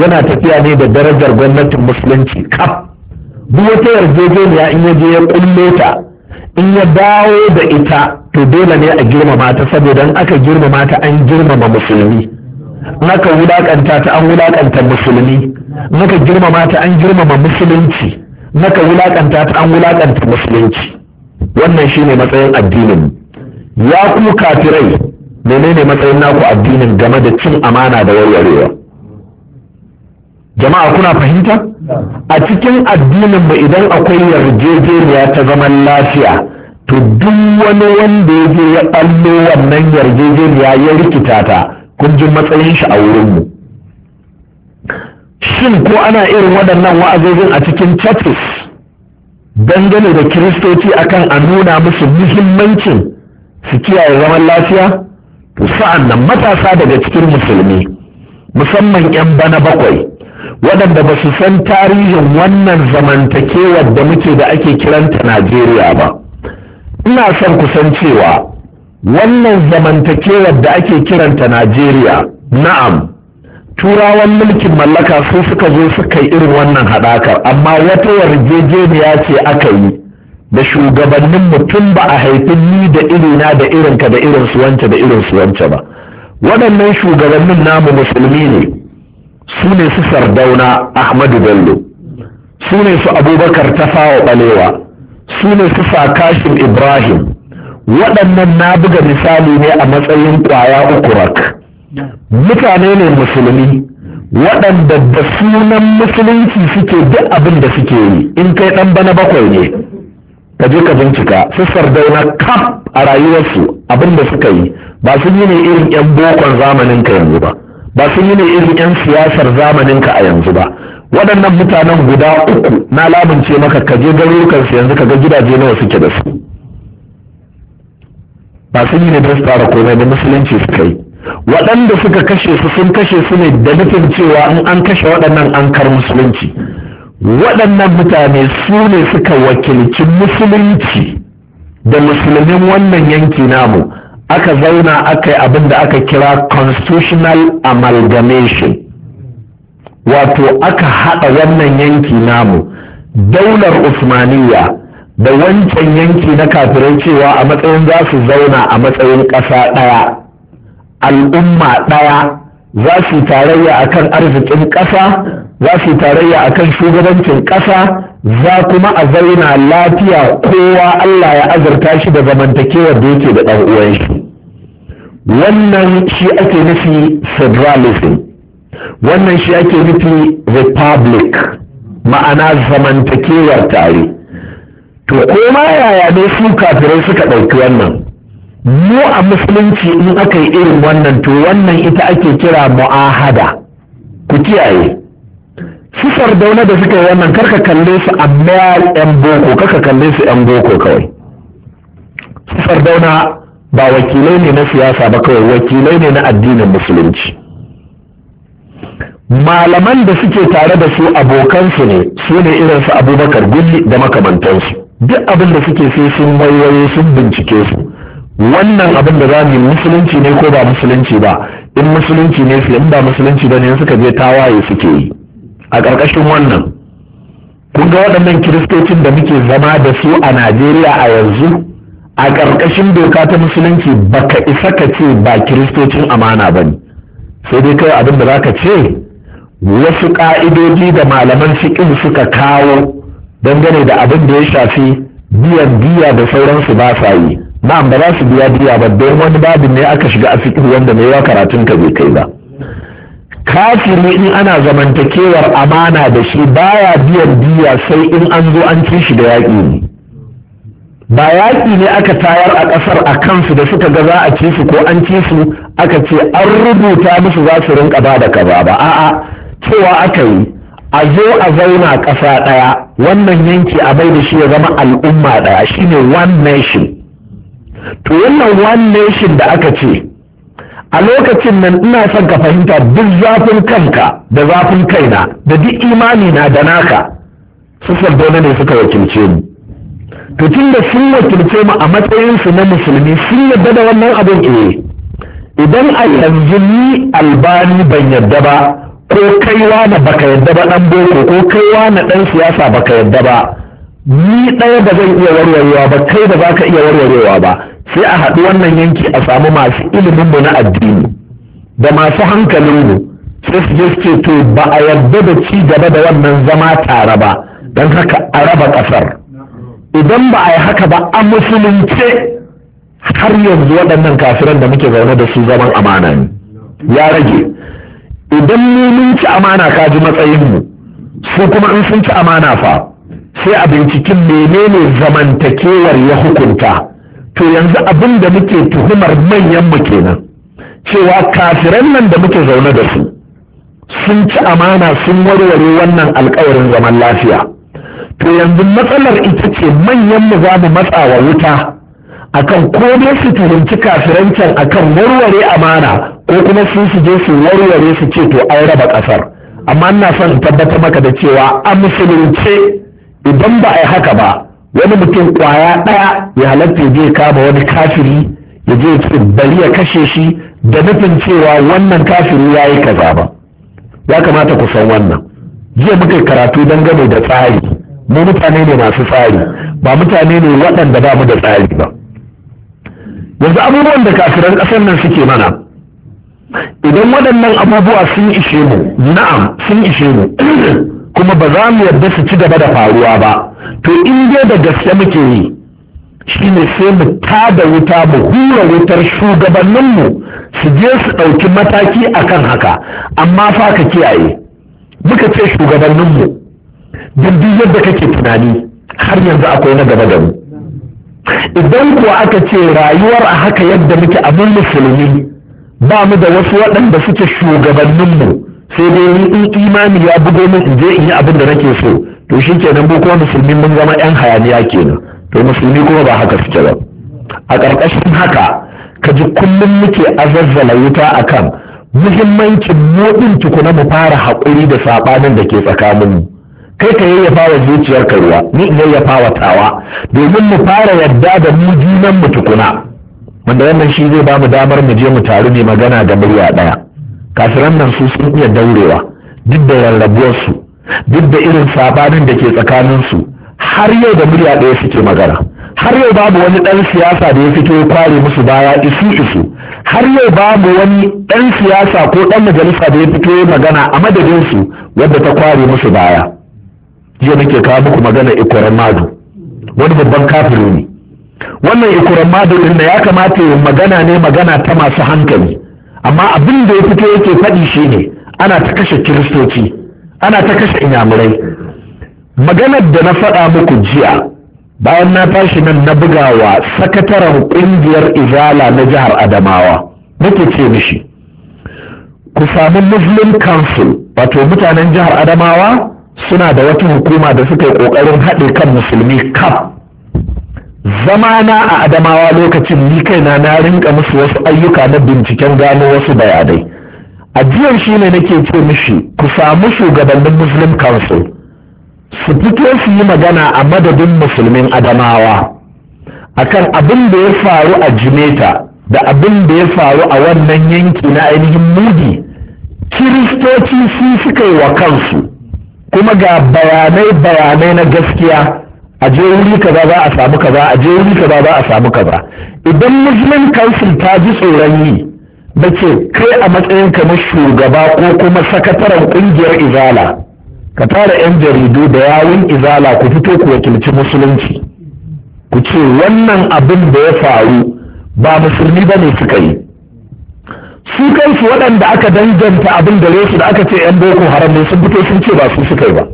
yana tafiya ne da darajar gwamnatin musulunci kaf duk wata yarjejeniya in ya je ya kulle ta in ya dawo da ita to dole ne a girmama ta saboda aka girmama ta an girmama musulmi naka wulakanta ta an wulakanta musulmi naka girmama ta an girmama musulunci naka wulakanta ta an wulakanta musulunci wannan shine matsayin addinin ya ku kafirai menene matsayin naku addinin game da cin amana da warwarewa jama'a kuna fahimta a cikin addinin mu idan akwai yarjejeniya ta zaman lafiya to duk wani wanda ya je ya ɓallo wannan yarjejeniya ya rikita ta kun ji matsayin shi a wurinmu shin ko ana irin waɗannan wa'azozin a cikin churches dangane da kiristoci akan a nuna musu muhimmancin su kiyaye zaman lafiya to sa'an nan matasa daga cikin musulmi musamman 'yan bana bakwai waɗanda ba su san tarihin wannan zamantakewar da muke da ake kiranta najeriya ba ina son kusan cewa wannan zamantakewar da ake kiranta najeriya na'am turawan mulkin mallaka su suka zo suka yi irin wannan hadakar. amma wata yarjejeniya ce aka yi da shugabannin mutum ba a haifin ni da irina da irinka da irinsu wance da irinsu wance ba waɗannan shugabannin namu musulmi ne su ne su sardauna ahmadu bello su ne su abubakar tafawa balewa su ne sifa kashin ibrahim waɗannan na buga misali ne a matsayin ƙwaya uku rak mutane ne musulmi waɗanda da sunan musulunci suke duk abin da suke yi in kai ɗan bana bakwai ne ka je ka bincika su sardauna kaf a rayuwarsu abin da suka yi ba sun yi ne irin 'yan bokon zamanin ka yanzu ba ba sun yi ne irin 'yan siyasar zamanin ka a yanzu ba waɗannan mutanen guda uku na lamunce maka ka je garurukan su yanzu ka ga gidaje nawa suke da su ba sun yi ne don su fara komai da musulunci suka yi waɗanda suka kashe su sun kashe su ne da nufin cewa in an kashe waɗannan an kar musulunci waɗannan mutane su ne suka wakilci musulunci da musulmin wannan yanki namu aka zauna aka yi abin da aka kira constitutional amalgamation wato aka haɗa wannan yanki namu daular Usmaniyya, da wancan yanki na kafirai cewa a matsayin za su zauna a matsayin ƙasa ɗaya al'umma ɗaya za su tarayya a kan arzikin ƙasa za su tarayya a kan shugabancin ƙasa za kuma a zauna lafiya kowa Allah ya azurta shi da zamantakewar da yake da ɗan shi wannan shi ake nufi federalism wannan shi ake nufi republic ma'ana zamantakewar tare to koma yaya ne su kafirai suka ɗauki wannan mu a musulunci in aka yi irin wannan to wannan ita ake kira mu'ahada ku kiyaye su sardauna da suka yi wannan karka kalle su amma yan boko karka kalle su yan boko kawai su sardauna ba wakilai ne na siyasa ba kawai wakilai ne na addinin musulunci malaman da suke tare da su abokansu ne su ne irin abubakar gulli da makamantansu duk abin da suke sai sun waiwaye sun bincike su wannan abin da za mu musulunci ne ko ba musulunci ba in musulunci ne su in ba musulunci ba ne suka je tawaye suke yi a ƙarƙashin wannan kun ga waɗannan kiristocin da muke zama da su a najeriya a yanzu a ƙarƙashin doka ta musulunci baka isa ka ce ba kiristocin amana ba ne sai dai kai abin da za ka ce wasu ƙa'idoji da malaman fiƙin suka kawo dangane da abin da ya shafi biyan biya da sauransu ba sa yi na'am ba za su biya biya ba don wani babin ne aka shiga a fiƙin wanda mai yawa karatun ka bai kai ba kafiri in ana zamantakewar amana da shi baya biyan biya sai in an zo an ci shi da yaƙi ne ba yaƙi ne aka tayar a ƙasar a kansu da suka ga za a ci su ko an ci su aka ce an rubuta musu za su rinka ba da kaza ba a'a cewa aka yi a zo a zauna ƙasa ɗaya wannan yanki a bai da shi ya zama al'umma ɗaya shine one nation to wannan one nation da aka ce a lokacin nan ina son ka fahimta duk zafin kanka da zafin kaina da duk imani na da naka sassan dole ne suka wakilce mu to tun da sun wakilce mu a matsayinsu na musulmi sun yadda da wannan abin eh idan a yanzu ni albani ban yadda ba ko kaiwa na baka yadda ba ɗan boko ko kaiwa na ɗan siyasa baka yadda ba ni ɗaya ba zan iya warwarewa ba kai da za ka iya warwarewa ba sai a haɗu wannan yanki a samu masu ilimin mu na addini da masu hankalin mu sai su je suke to ba a yadda da ci gaba da wannan zama tare ba don haka a raba ƙasar idan ba a yi haka ba a musulunce har yanzu waɗannan kafiran da muke zaune da su zaman amana ne ya rage idan mu mun ci amana ka ji matsayin mu su kuma in sun ci amana fa sai a bincikin menene zamantakewar ya hukunta to yanzu abin da muke tuhumar manyan mu kenan cewa kafiran nan da muke zaune da su sun ci amana sun warware wannan alkawarin zaman lafiya to yanzu matsalar ita ce manyan mu za mu matsa wa wuta akan ko dai su turinci kafirancin akan warware amana ko kuma su su je su warware su ce to an raba kasar amma ina son in tabbatar maka da cewa a musulunce idan ba a yi haka ba wani mutum kwaya ɗaya ya halatta je kama wani kafiri ya je ce bari ya kashe shi da nufin cewa wannan kafiri ya yi kaza ba ya kamata ku san wannan jiya muka karatu dangane da tsari mu mutane ne masu tsari ba mutane ne waɗanda ba mu da tsari ba yanzu abubuwan da kafiran ƙasar nan suke mana idan waɗannan abubuwa sun ishe mu na'am sun ishe mu *clears throat* kuma ba za mu yarda su ci gaba da faruwa ba to in dai da gaske muke yi shine sai mu tada wuta mu hura wutar shugabanninmu su je su ɗauki mataki akan haka amma fa ka kiyaye muka ce shugabanninmu don duk yadda kake tunani har yanzu akwai na gaba da mu idan kuwa aka ce rayuwar a haka yadda muke abin musulmi ba mu da wasu waɗanda suke shugabanninmu sai dai ni in imani ya bugo min in je in yi abin da nake so to shi kenan nan kuma musulmi mun zama yan hayaniya kenan to musulmi kuma ba haka suke ba a ƙarƙashin haka ka ji kullum muke azazzala wuta akan muhimmancin mu tukuna mu fara haƙuri da saɓanin da ke tsakaninmu kai ka yayyafa wa ka ruwa ni in yayyafa wa tawa domin mu fara yadda da mu junan mu tukuna wanda wannan shi zai ba mu damar mu je mu taru mai magana da murya daya kafiran nan su sun iya daurewa duk da su duk da irin sabanin da ke tsakanin su har yau da murya ɗaya suke magana har yau babu wani ɗan siyasa da ya fito kware musu baya isu isu har yau babu wani ɗan siyasa ko ɗan majalisa da ya fito magana a madadin su wadda ta kware musu baya jiya nake kawo muku magana ikoran madu wani babban kafiri ne wannan ikoran madu din da ya kamata yin magana ne magana ta masu hankali amma abin da ya fito yake faɗi shi ne, ana ta kashe kiristoci ana ta kashe inyamurai maganar da na faɗa muku jiya bayan na tashi nan na bugawa sakataren ƙungiyar izala na jihar adamawa nake ce mishi ku samu muslim council wato mutanen jihar adamawa suna da wata hukuma da suka yi ƙoƙarin haɗe kan musulmi Zama na a adamawa lokacin ni kai na na rinka musu wasu ayyuka na binciken gano wasu bayanai a jiya shi ne nake ce mishi ku samu shugabannin muslim council su fito su yi magana a madadin musulmin adamawa akan abin da ya faru a jimeta da abin da ya faru a wannan yanki na ainihin mudi kiristoci su suka yi wa kansu kuma ga bayanai bayanai na gaskiya a je wuri kaza za a samu kaza a je wuri kaza za a samu kaza idan muslim council ta ji tsoron yi da ce kai a matsayin ka na shugaba ko kuma sakataren kungiyar izala ka tara 'yan jaridu da yawun izala ku fito ku wakilci musulunci ku ce wannan abin da ya faru ba musulmi ba ne suka yi su kansu waɗanda aka danganta abin da su da aka ce yan boko haram ne sun fito sun ce ba su suka yi ba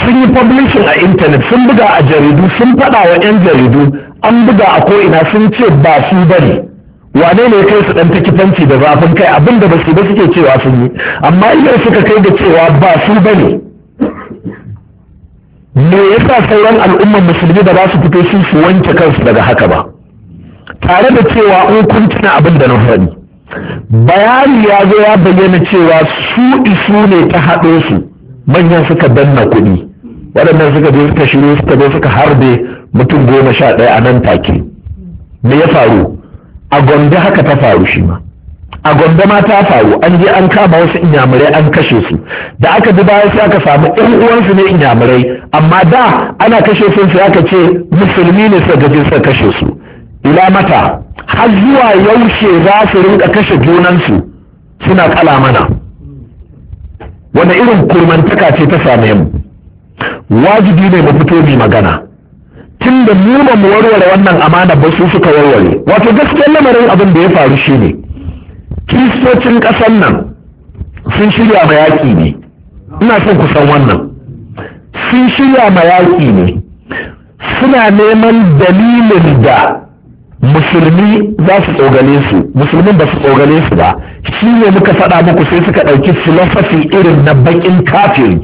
sun yi publishing a intanet sun buga a jaridu sun faɗa wa 'yan jaridu an buga a ko'ina sun ce ba su bane wane ne kai su ɗan takifanci da zafin kai abin da basu ba suke cewa sun yi amma idan suka kai da cewa ba su bane me yasa sauran al'ummar musulmi da za su fito su su wanke kansu daga haka ba tare da cewa in kun tuna abin da na faɗi bayani ya zo ya bayyana cewa su isu ne ta haɗo su manyan suka danna kuɗi waɗannan suka je suka shiru suka zo suka harbe mutum goma sha ɗaya a nan take me ya faru a gombe haka ta faru shi ma a gombe ma ta faru an je an kama wasu inyamurai an kashe su da aka ji bayan sai aka samu ɗan uwansu ne inyamurai amma da ana kashe su sai aka ce musulmi ne suka je suka kashe su ila mata har zuwa yaushe za su rinka kashe junansu suna kala mana wanda irin kurmantaka ce ta same mu wajibi ne mu fito mu magana tun da mu mu warware wannan amana ba su suka warware wato gaskiyar lamarin abin da ya faru shine kiristocin ƙasar nan sun shirya ma yaƙi ne ina son ku san wannan sun shirya ma yaƙi ne suna neman dalilin da musulmi za su tsogale su musulmin ba su tsogale su ba shi ne muka faɗa muku sai suka ɗauki filosofi irin na bakin kafiri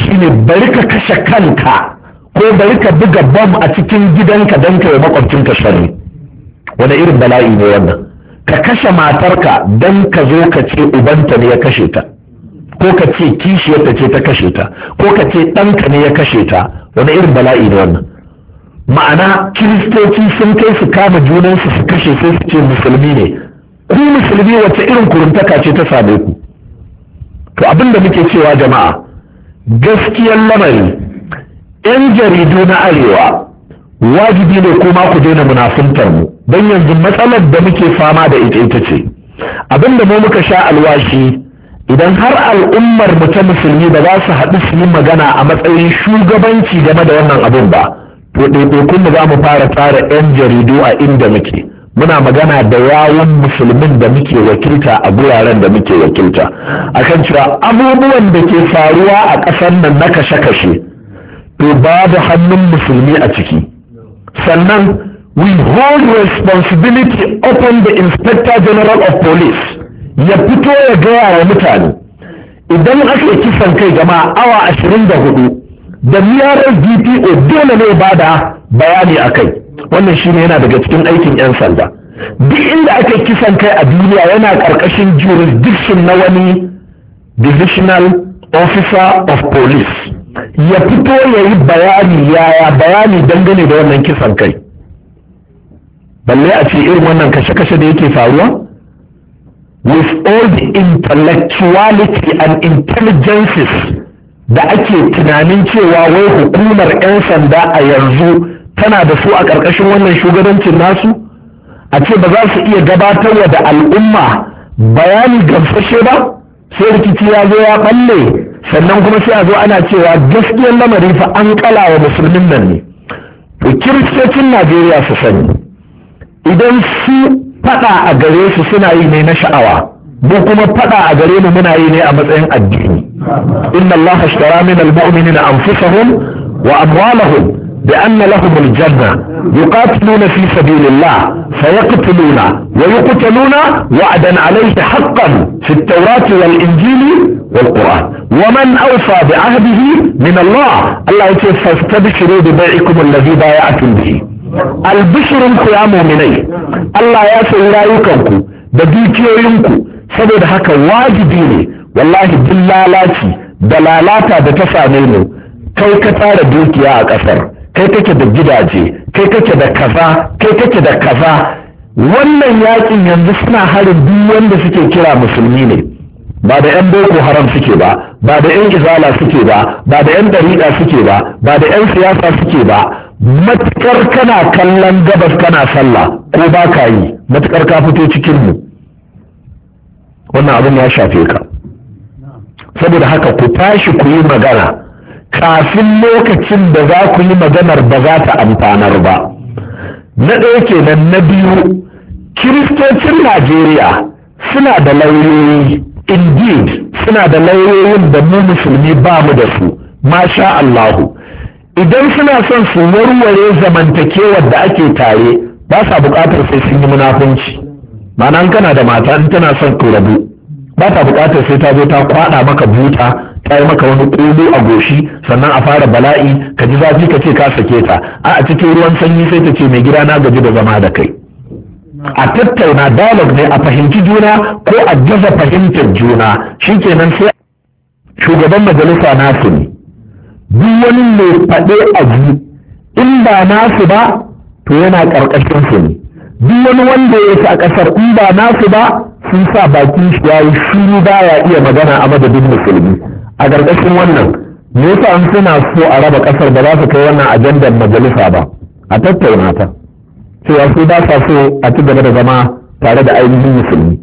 shi ne bari ka kashe kanka ko bari ka buga bom a cikin gidanka don ka yi makwabcinka shari wani irin bala'i ne wannan ka kashe matarka don ka zo ka ce ubanta ne ya kashe ta ko ka ce kishiyarta ce ta kashe ta ko ka ce ɗanka ne ya kashe ta wani irin bala'i ne wannan ma'ana kiristoci sun kai su kama junansu su kashe sai su ce musulmi ne ku musulmi wace irin kuruntaka ce ta same ku to abin da muke cewa jama'a gaskiyar lamari 'yan jaridu na arewa wajibi ne kuma ku daina munafuntar mu don yanzu matsalar da muke fama da ita ita ce abin da mu muka sha alwashi idan har al'ummar mu ta musulmi ba za su haɗu su yi magana a matsayin shugabanci game da wannan abin ba to ɗaiɗaikun mu za mu fara tsara 'yan jaridu a inda muke muna magana da yawon musulmin da muke wakilta a guraren da muke wakilta akan cewa abubuwan da ke faruwa a ƙasar nan na kashe-kashe to babu hannun musulmi a ciki sannan we hold responsibility upon the inspector general of police ya fito ya gaya wa mutane idan aka kisan kai gama awa ashirin da hudu da miyarar dpo dole ne ba da bayani a kai wannan shi ne yana daga cikin aikin 'yan sanda duk inda aka kisan kai a duniya yana karkashin jurisdiction na wani divisional officer of police ya fito ya yi bayani yaya bayani dangane da wannan kisan kai balle a ce irin wannan kashe-kashe da yake faruwa with all the intellectuality and intelligences da ake tunanin cewa wai hukumar 'yan sanda a yanzu tana da su a ƙarƙashin wannan shugabancin nasu a ce ba za su iya gabatarwa da al'umma bayani gamsashe ba sai rikici ya zo ya balle sannan kuma sai a zo ana cewa gaskiyar lamari fa an kala wa musulmin nan ne to kiristocin najeriya su sani idan su faɗa a gare su suna yi ne na sha'awa mu kuma faɗa a gare mu muna yi ne a matsayin addini إن الله اشترى من المؤمنين أنفسهم وأموالهم بأن لهم الجنة يقاتلون في سبيل الله فيقتلون ويقتلون وعدا عليه حقا في التوراة والإنجيل والقرآن ومن أوفى بعهده من الله الله يقول فاستبشروا ببيعكم الذي بايعتم به البشر القيام muminai الله ya sayi rayukanku da dukiyoyinku saboda haka wajibi wallahi duk lalaci da lalata da ta same mu kai ka tara dukiya a ƙasar kai kake da gidaje kai kake da kaza kai kake da kaza wannan yakin yanzu suna harin duk wanda suke kira musulmi ne ba da yan boko haram suke ba ba da yan izala suke ba ba da yan dariƙa suke ba ba da yan siyasa suke ba matukar kana kallon gabas kana sallah ko ba ka yi matukar ka fito cikin mu wannan abin ya shafe ka saboda haka ku tashi ku yi magana kafin lokacin da za ku yi maganar ba za ta amfanar ba na ɗaya kenan na biyu kiristocin najeriya suna da lauyoyi indeed suna da lauyoyin da mu musulmi ba mu da su masha allahu idan suna son su warware zamantakewar da ake tare ba sa bukatar sai sun yi munafunci ma'ana kana da mata in tana son ku rabu ba ta buƙatar sai ta zo ta kwaɗa maka buta ta yi maka wani ƙugu a goshi sannan a fara bala'i ka ji zafi ka ce ka sake ta a cikin ruwan sanyi sai ta ce mai gida na gaji da zama da kai a tattauna dialog ne a fahimci juna ko a gaza fahimtar juna shikenan sai shugaban majalisa nasu ne duk wani mai faɗe a ji in ba nasu ba to yana ƙarƙashin su ne duk wani wanda ya yi a ƙasar in ba nasu ba sun sa bakin shi ya yi shiru ya iya magana a madadin musulmi a ƙarƙashin wannan me yasa an suna so a raba ƙasar ba za su kai wannan ajandar majalisa ba a tattauna ta cewa su ba sa so a ci gaba da zama tare da ainihin musulmi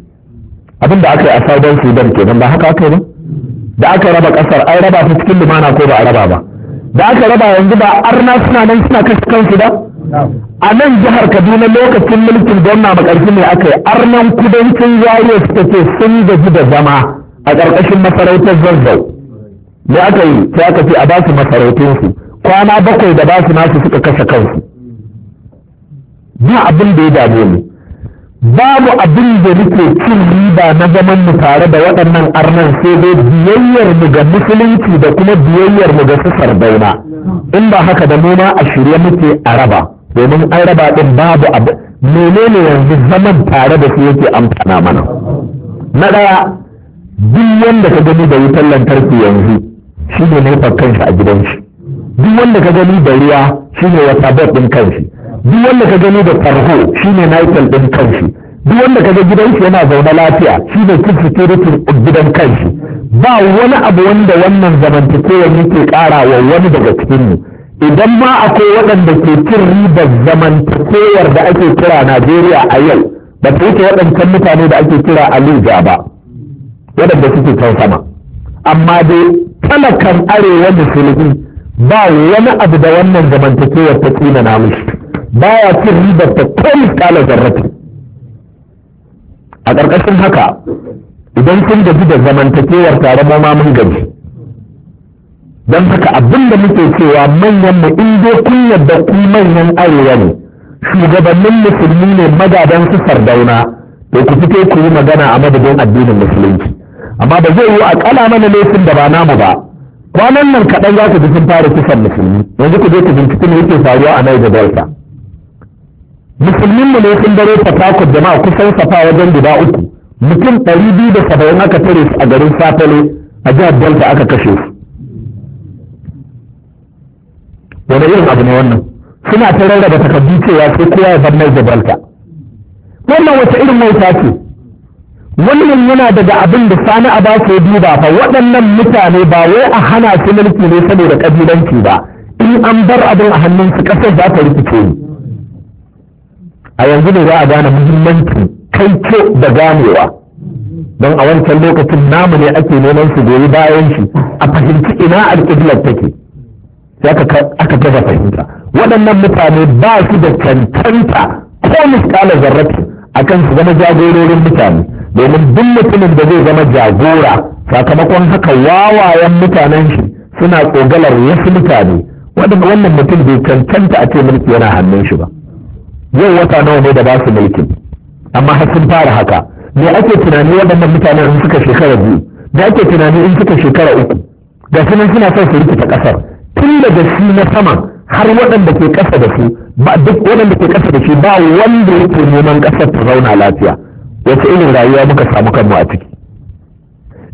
abinda aka yi a saudan sudan kenan ba haka aka yi ba da aka raba ƙasar an raba ta cikin lumana ko ba a raba ba da aka raba yanzu ba arna suna nan suna kashe kansu ba a nan jihar kaduna lokacin mulkin gwamna makarfi ne aka yi arnan kudancin zariya suka ce sun gaji da zama a ƙarƙashin masarautar zazzau da aka yi sai aka ce a ba su masarautunsu kwana bakwai da ba su nasu suka kashe kansu ba abin da ya dame mu babu abin da nake cin riba na zaman mu tare da waɗannan arnan sai dai biyayyar mu ga musulunci da kuma biyayyar mu ga su bauna in ba haka da noma a shirye muke a raba domin an raba din babu abu menene yanzu zaman tare da su yake amfana mana na daya duk wanda ka gani da wutar lantarki yanzu shi ne nufar kanshi a gidan shi duk wanda ka gani da ruwa shi ne wata bot din kanshi duk wanda ka gani da farho shi ne naifal din kanshi duk wanda kaga gidansu yana zaune lafiya shi ne kin security gidan kanshi ba wani abu wanda wannan zamantakewar yake kara wa wani daga cikin mu idan ma akwai waɗanda ke cin ribar zamantakewar da ake kira Najeriya a yau ba ta wuce waɗancan mutane da ake kira Aluja ba waɗanda suke can sama amma dai talakan arewa musulmi ba wani abu da wannan zamantakewar ta tsina na mushi ya cin ribar ta kai kala zarrafi a ƙarƙashin haka idan sun gaji da zamantakewar tare ma mun gaji don haka abin da muke cewa manyan mu in dai kun yadda ku manyan arewa ne shugabannin musulmi ne magadan su sardauna to ku fito ku yi magana a madadin addinin musulunci amma ba zai yi a kala mana laifin da ba namu ba kwanan nan kaɗan za ku ji sun fara kisan musulmi yanzu ku je ku binciki me yake faruwa a Niger Delta musulmin mu ne sun dare fatakot jama'a kusan safa wajen guda uku mutum ɗari biyu da saba'in aka tare su a garin safale a jihar Delta aka kashe su wani irin abu ne wannan suna ta rarraba takardu cewa sai kowa ya bar mai jabalta wannan wace irin wauta ce wannan yana daga abin da sani a ba su duba fa waɗannan mutane ba wai a hana su mulki ne saboda kabilanci ba in an bar abin a hannunsu ƙasar za ta rikice ni a yanzu ne za a gane muhimmanci kai ce da ganewa don a wancan lokacin namu ne ake neman su goyi bayan shi a fahimci ina alƙiblar take sai aka gaza fahimta waɗannan mutane ba su da cancanta ko miskala a akan su zama jagororin mutane domin duk mutumin da zai zama jagora sakamakon haka wawayen mutanen shi suna tsogalar wasu mutane wannan mutum bai cancanta a ce mulki yana hannun shi ba yau wata nawa ne da ba su mulkin amma har sun fara haka me ake tunani waɗannan mutanen in suka shekara biyu da ake tunani in suka shekara uku ga sunan suna son su rikita ƙasar tun da shi na sama har waɗanda ke ƙasa da su ba duk waɗanda ke ƙasa da shi ba wanda yake neman ƙasar ta zauna lafiya wace irin rayuwa muka samu kanmu a ciki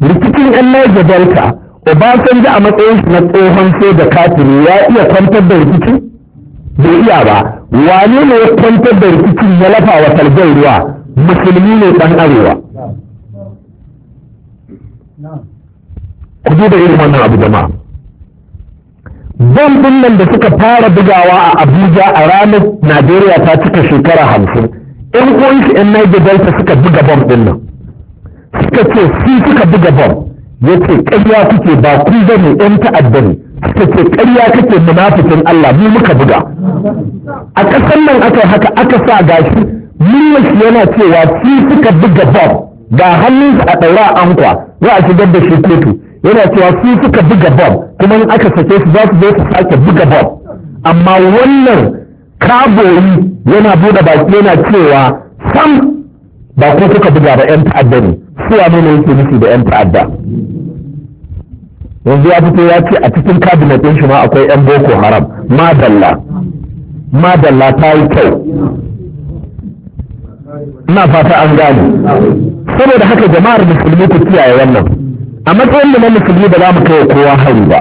rikicin yan naija Delta Obasanjo a matsayin shi na tsohon da kafiri ya iya kwantar da rikici bai iya ba wane ne ya kwantar da rikicin ya lafa wa talgar ruwa musulmi ne ɗan arewa ku da irin wannan abu jama'a bom ɗin nan da suka fara bugawa a abuja a ranar najeriya ta cika shekara hamsin yan uwansu yan naija delta suka buga bom ɗin nan suka ce su suka buga bom ya ce ƙarya kuke ba ku zane ne yan ta'adda ne suka ce ƙarya kake munafikin allah mu muka buga a ƙasar nan aka haka aka sa gashi shi yana cewa su suka buga bom ga hannunsu a ɗaura ankwa za a shigar da shi kotu yana cewa su suka buga bom kuma in aka sake su za su zo su sake buga bom amma wannan kaboyi yana buɗe baki yana cewa sam ba ko suka buga ba yan ta'adda ne su ne yake nufi da yan ta'adda yanzu ya fito ya ce a cikin kabinetin shi ma akwai yan boko haram madalla madalla ta yi kyau ina fata an gane saboda haka jama'ar musulmi ku kiyaye wannan a matsayin da na musulmi ba za mu kai kowa hari ba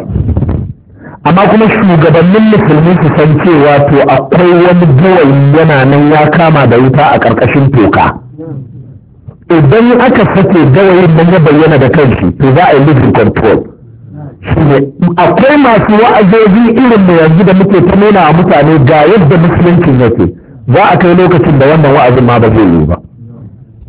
amma kuma shugabannin musulmi su san cewa to akwai wani gawayi yana nan ya kama da wuta a ƙarƙashin toka idan aka sake gawayin nan ya bayyana da shi to za a yi living control akwai masu wa'azozi irin da yanzu da muke ta nuna a mutane ga yadda musulunci yake za a kai lokacin da wannan wa'azin ma ba zai yi ba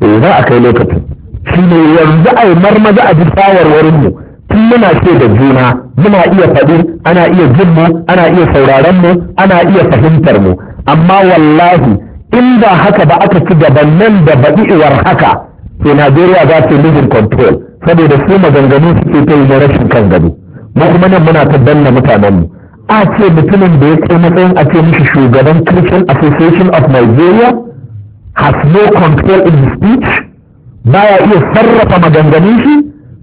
eh, za a kai lokacin shi ne yanzu a yi marmaza a duk shawarwarin mu tun muna ce da juna muna iya faɗi ana iya jin mu ana iya sauraron mu ana iya fahimtar mu amma wallahi in ba haka ba aka ci gaban nan da baɗi'iwar haka to najeriya za yi losing control saboda su maganganu suke ta yi na rashin kan gado mu kuma nan muna ta danna mu a ce mutumin da ya kai matsayin a ce mishi shugaban christian association of nigeria has no control in his speech baya iya sarrafa maganganun shi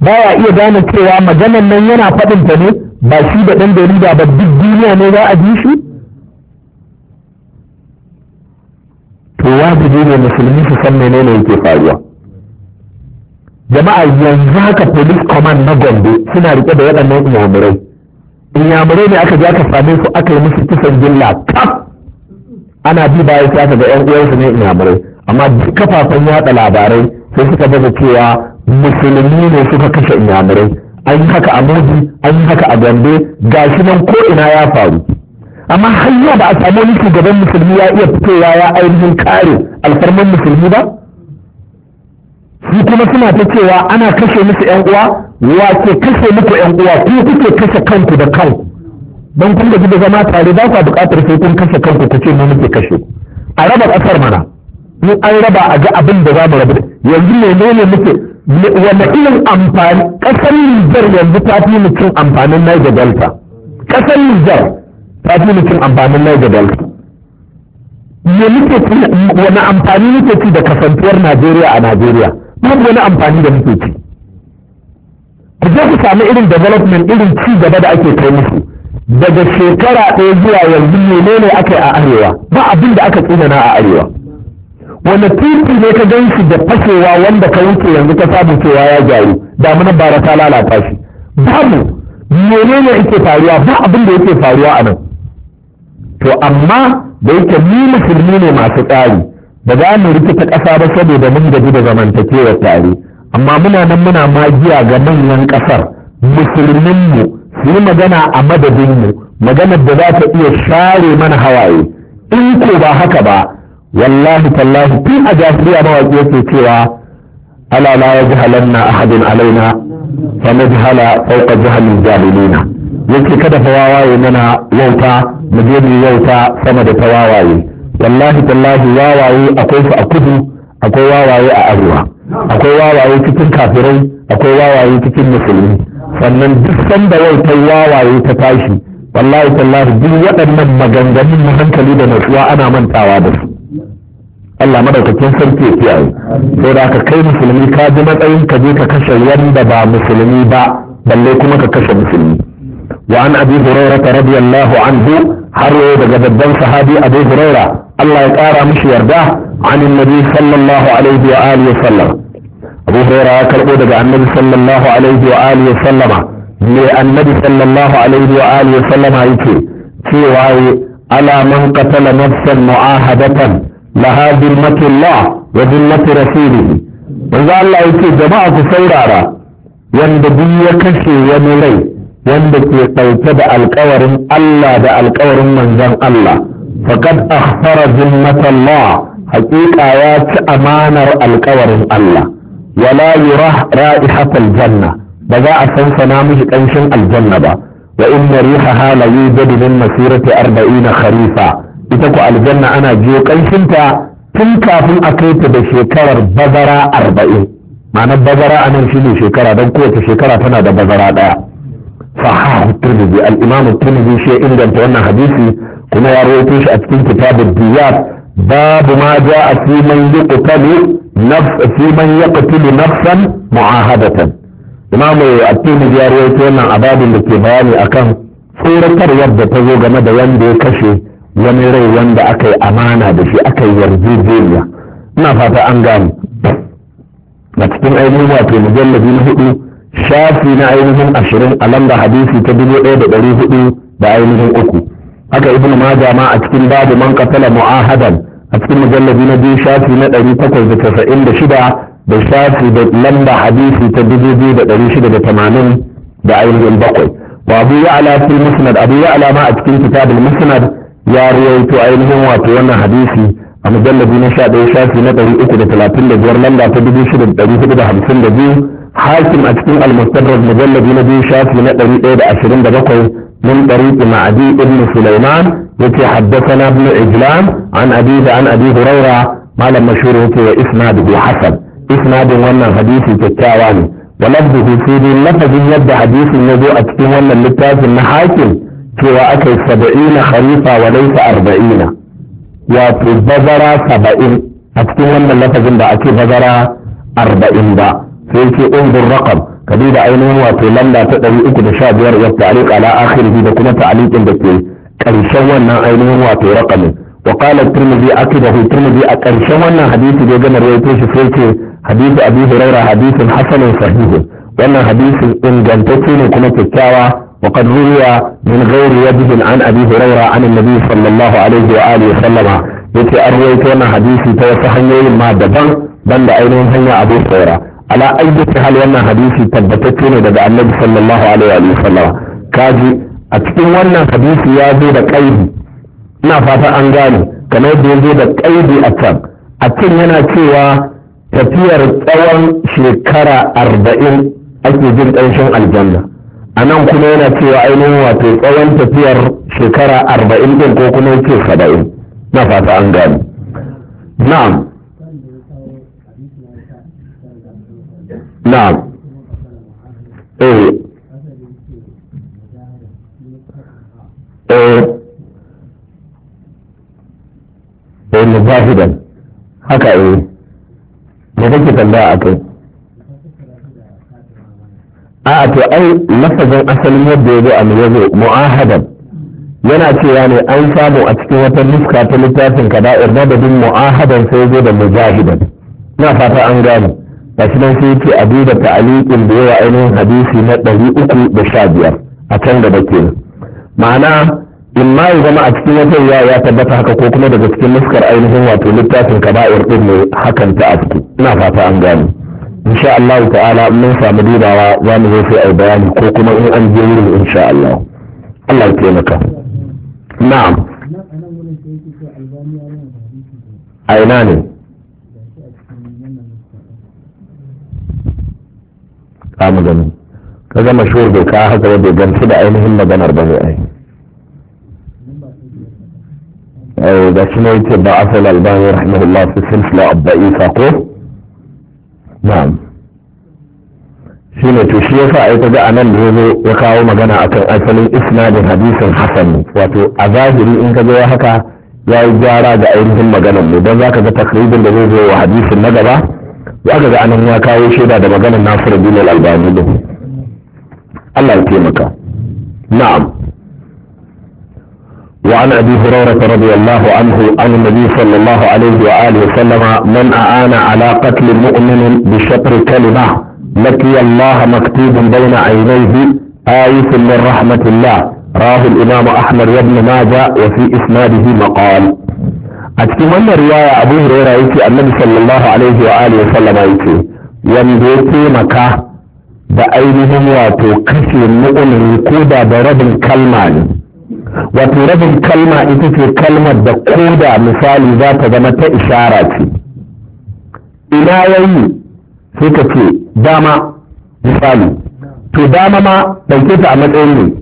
baya iya gane cewa maganan nan yana faɗin ta ne ba shi da ɗan jarida ba duk duniya ne za a ji shi to wajibi ne musulmi su san menene yake faruwa jama'a yanzu haka police command na gombe suna rike da waɗannan inyamurai inyamurai ne aka je aka same su aka yi musu kisan gilla kaf ana bi bayan sai aka ga yan uwansu ne inyamurai amma duk kafafen yaɗa labarai sai suka baza cewa musulmi ne suka kashe inyamurai an yi haka a mobi an yi haka a gombe ga shi nan ko ina ya faru amma hanya ba a samu wani shugaban musulmi ya iya fitowa ya ainihin kare alfarman musulmi ba su kuma suna ta cewa ana kashe musu yan uwa wace kashe muku yan uwa ku kuke kashe kanku da kanku don kun gaji da zama tare ba ku buƙatar sai kun kashe kanku ku ce mu muke kashe a raba ƙasar mana in an raba a ga abin da za mu rabu yanzu menene muke wani irin amfani ƙasar Nijar yanzu ta fi mutum amfanin Niger Delta ƙasar Nijar ta fi mutum amfanin Niger Delta me muke ci wani amfani muke ci da kasantuwar Najeriya a Najeriya babu wani amfani da muke ci ku je ku samu irin development irin ci gaba da ake kai musu daga shekara ɗaya zuwa yanzu menene ne ake a arewa ba abin da aka tsinana a arewa wani titi ne ka gan shi da fashewa wanda ka wuce yanzu ka samu cewa ya gyaru damunan bara ta lalata shi babu menene yake faruwa ba abin da yake faruwa a nan to amma da yake mu musulmi ne masu tsari ba za mu ta ƙasa ba saboda mun gaji da zamantakewar tare amma muna nan muna magiya ga manyan ƙasar mu su yi magana a madadin mu maganar da za ta iya share mana hawaye in ko ba haka ba wallahi tallahi tun a jahiliya mawaƙi yake cewa ala la yajhalanna ahadun alaina fa najhala fawqa jahalin jahilina yake kada fa wawaye mana yauta mu je mu yauta sama da ta wawaye wallahi tallahi wawaye akwai su a kudu akwai wawaye a arewa akwai wawaye cikin kafirai akwai wawaye cikin musulmi sannan duk sanda wautar wawaye ta tashi wallahi tallahi duk waɗannan maganganun hankali da natsuwa ana mantawa da su Allah madaukakin sarki ya kiyaye sai da aka kai musulmi ka ji matsayin ka je ka kashe wanda ba musulmi ba balle kuma ka kashe musulmi wa an abi hurairah radiyallahu anhu har yau daga babban sahabi abi hurairah Allah ya kara mishi yarda an annabi sallallahu alaihi wa alihi wa sallam abu hurairah ya karbo daga annabi sallallahu alaihi wa alihi wa sallama ne annabi sallallahu alaihi wa alihi wa sallama yake cewa ala man qatala nafsan mu'ahadatan laha zimmatullah wa zimmatu rasulihi yanzu Allah yake jama'a ku saurara wanda biyu ya kashe wani rai wanda ke ɗauke da alkawarin Allah da alkawarin manzon Allah faqad akhfara zimmatullah haƙiƙa ya ci amanar alkawarin Allah wala yurah ra'ihatul janna ba za a sansana mishi ƙanshin aljanna ba wa inna rihaha la yujadu min masirati arba'ina kharifa ita ku aljanna ana jiyo ƙanshinta tun kafin a kai ta da shekarar bazara arba'in ma'anar bazara a nan shine shekara don kowace shekara tana da bazara ɗaya sahahu turmizi al'imamu turmizi shi inganta wannan hadisi kuma ya rawaito shi a cikin kitabun diyar babu ma ja a fi man yuqtalu nafs fi man nafsan mu'ahadatan imamu at-tirmidhi ya rawaito wannan ababin da ke bayani akan tsoratarwar da ta zo game da wanda ya kashe wani rai wanda aka yi amana da shi aka yi yarjejeniya ina fata an gane a cikin ainihin wato mujallabi na hudu shafi na ainihin ashirin a lamba hadisi ta dubu ɗaya da ɗari hudu da ainihin uku haka ibnu maja ma a cikin babu man qatala mu'ahadan a cikin mujallabi na biyu shafi na ɗari takwas da casa'in da shida da shafi da lamba hadisi ta dubu biyu da ɗari shida da tamanin da ainihin bakwai wa abu ya'ala fil musnad abu ya'ala ma a cikin kitabul musnad ya rawaito ainihin wato wannan hadisi a mujallabi na 11 shafi na 335 lamba ta 6452 حاكم أكتم المستدرك مجلد نبي شافي نقري إيد أشرين دقل من طريق معدي ابن سليمان يتي حدثنا ابن إجلان عن أبيه عن أبي هريرة ما لم مشهوره وإسناد بو حسن إسناد وانا حديث تتاواني ولبه في دين لفظ يد حديث النبي أكتم وانا اللي تازم cewa aka yi saba'ina kharifa wa laisa arba'ina wato bazara saba'in a cikin wannan lafazin da ake bazara arba'in ba sai ce unzur raqam ka da ainihin wato lamba ta ɗari uku da sha biyar ya ta'aliq ala akhirih da kuma ta'aliqin da ke ƙarshen wannan ainihin wato raqamin wa qala da akidahu tirmidhi a ƙarshen wannan hadisi da gama rawaito shi sai ce hadisi abi hurairah hadisin hasanun sahih wannan hadisin ingantacce ne kuma kyakkyawa وقد روي من غير يد عن ابي هريره عن النبي صلى الله عليه واله وسلم yake an yi ta yana ta wasu hanyoyin ma daban banda ainihin hanya abu saura ala ayyuka hal wannan hadisi tabbatacce daga annabi sallallahu alaihi wa sallama kaji a cikin wannan hadisi ya zo da kaidi ina fata an gane kamar da zo da kaidi a can a cikin yana cewa tafiyar tsawon shekara arba'in ake jin ƙarshen aljanna a nan kuma yana cewa ainihin wato tsawon tafiyar shekara arba'in ɗin ko kuma ce saba'in na fata an gani na'am na'am eh eh eh mujahidan haka eh kake tambaya a kai a to ai lafazin asalin yadda ya zo a yazo mu'ahadan yana cewa ne an samu a cikin wata nuska ta littafin da madadin mu'ahadan sai zo da mujahidan na fata an gane ga shi nan sai ce abu da ta'aliqin da yawa ainihin hadisi na ɗari uku da sha biyar a can da ke ma'ana in ma ya zama a cikin wata ya ya tabbata haka ko kuma daga cikin nuskar ainihin wato littafin kada'ir ɗin ne hakan ta a ciki ina fata an gane ان شاء الله تعالى من سامي دينا وانا هو في البيان كوكما ان ان شاء الله الله يكرمك نعم اينانه آه، قام جن كذا مشهور بك هذا آه، بده جنس بعينه ما بنر بني اي او ده شنو يتبع اصل الباني رحمه الله في سلسله الضعيفه قوه na'am shi ne to shi yasa ai kaga anan da zo ya kawo magana akan asalin isnadin hadisin hasan wato a zahiri in kaga ya haka ya yi gyara ga ainihin maganar mu don zaka ga takribin da zai zo wa hadisin na gaba zaka ga anan ya kawo shaida da maganar nasiru bin al-albani Allah ya taimaka na'am وعن ابي هريره رضي الله عنه عن النبي صلى الله عليه واله وسلم من اعان على قتل مؤمن بشطر كلمه لقي الله مكتوب بين عينيه آيس من رحمه الله راه الامام احمد وابن ماجه وفي اسناده مقال اتمنى رواية wannan هريرة abu النبي صلى الله عليه وآله وسلم ايتي wa sallama yake wanda ya مؤمن da برب wato wato rabin kalma ita ce kalmar da koda misali za ta zama ta ishara ce ina yayi sai ka ce dama misali to dama ma ɗauke ta a matsayin ne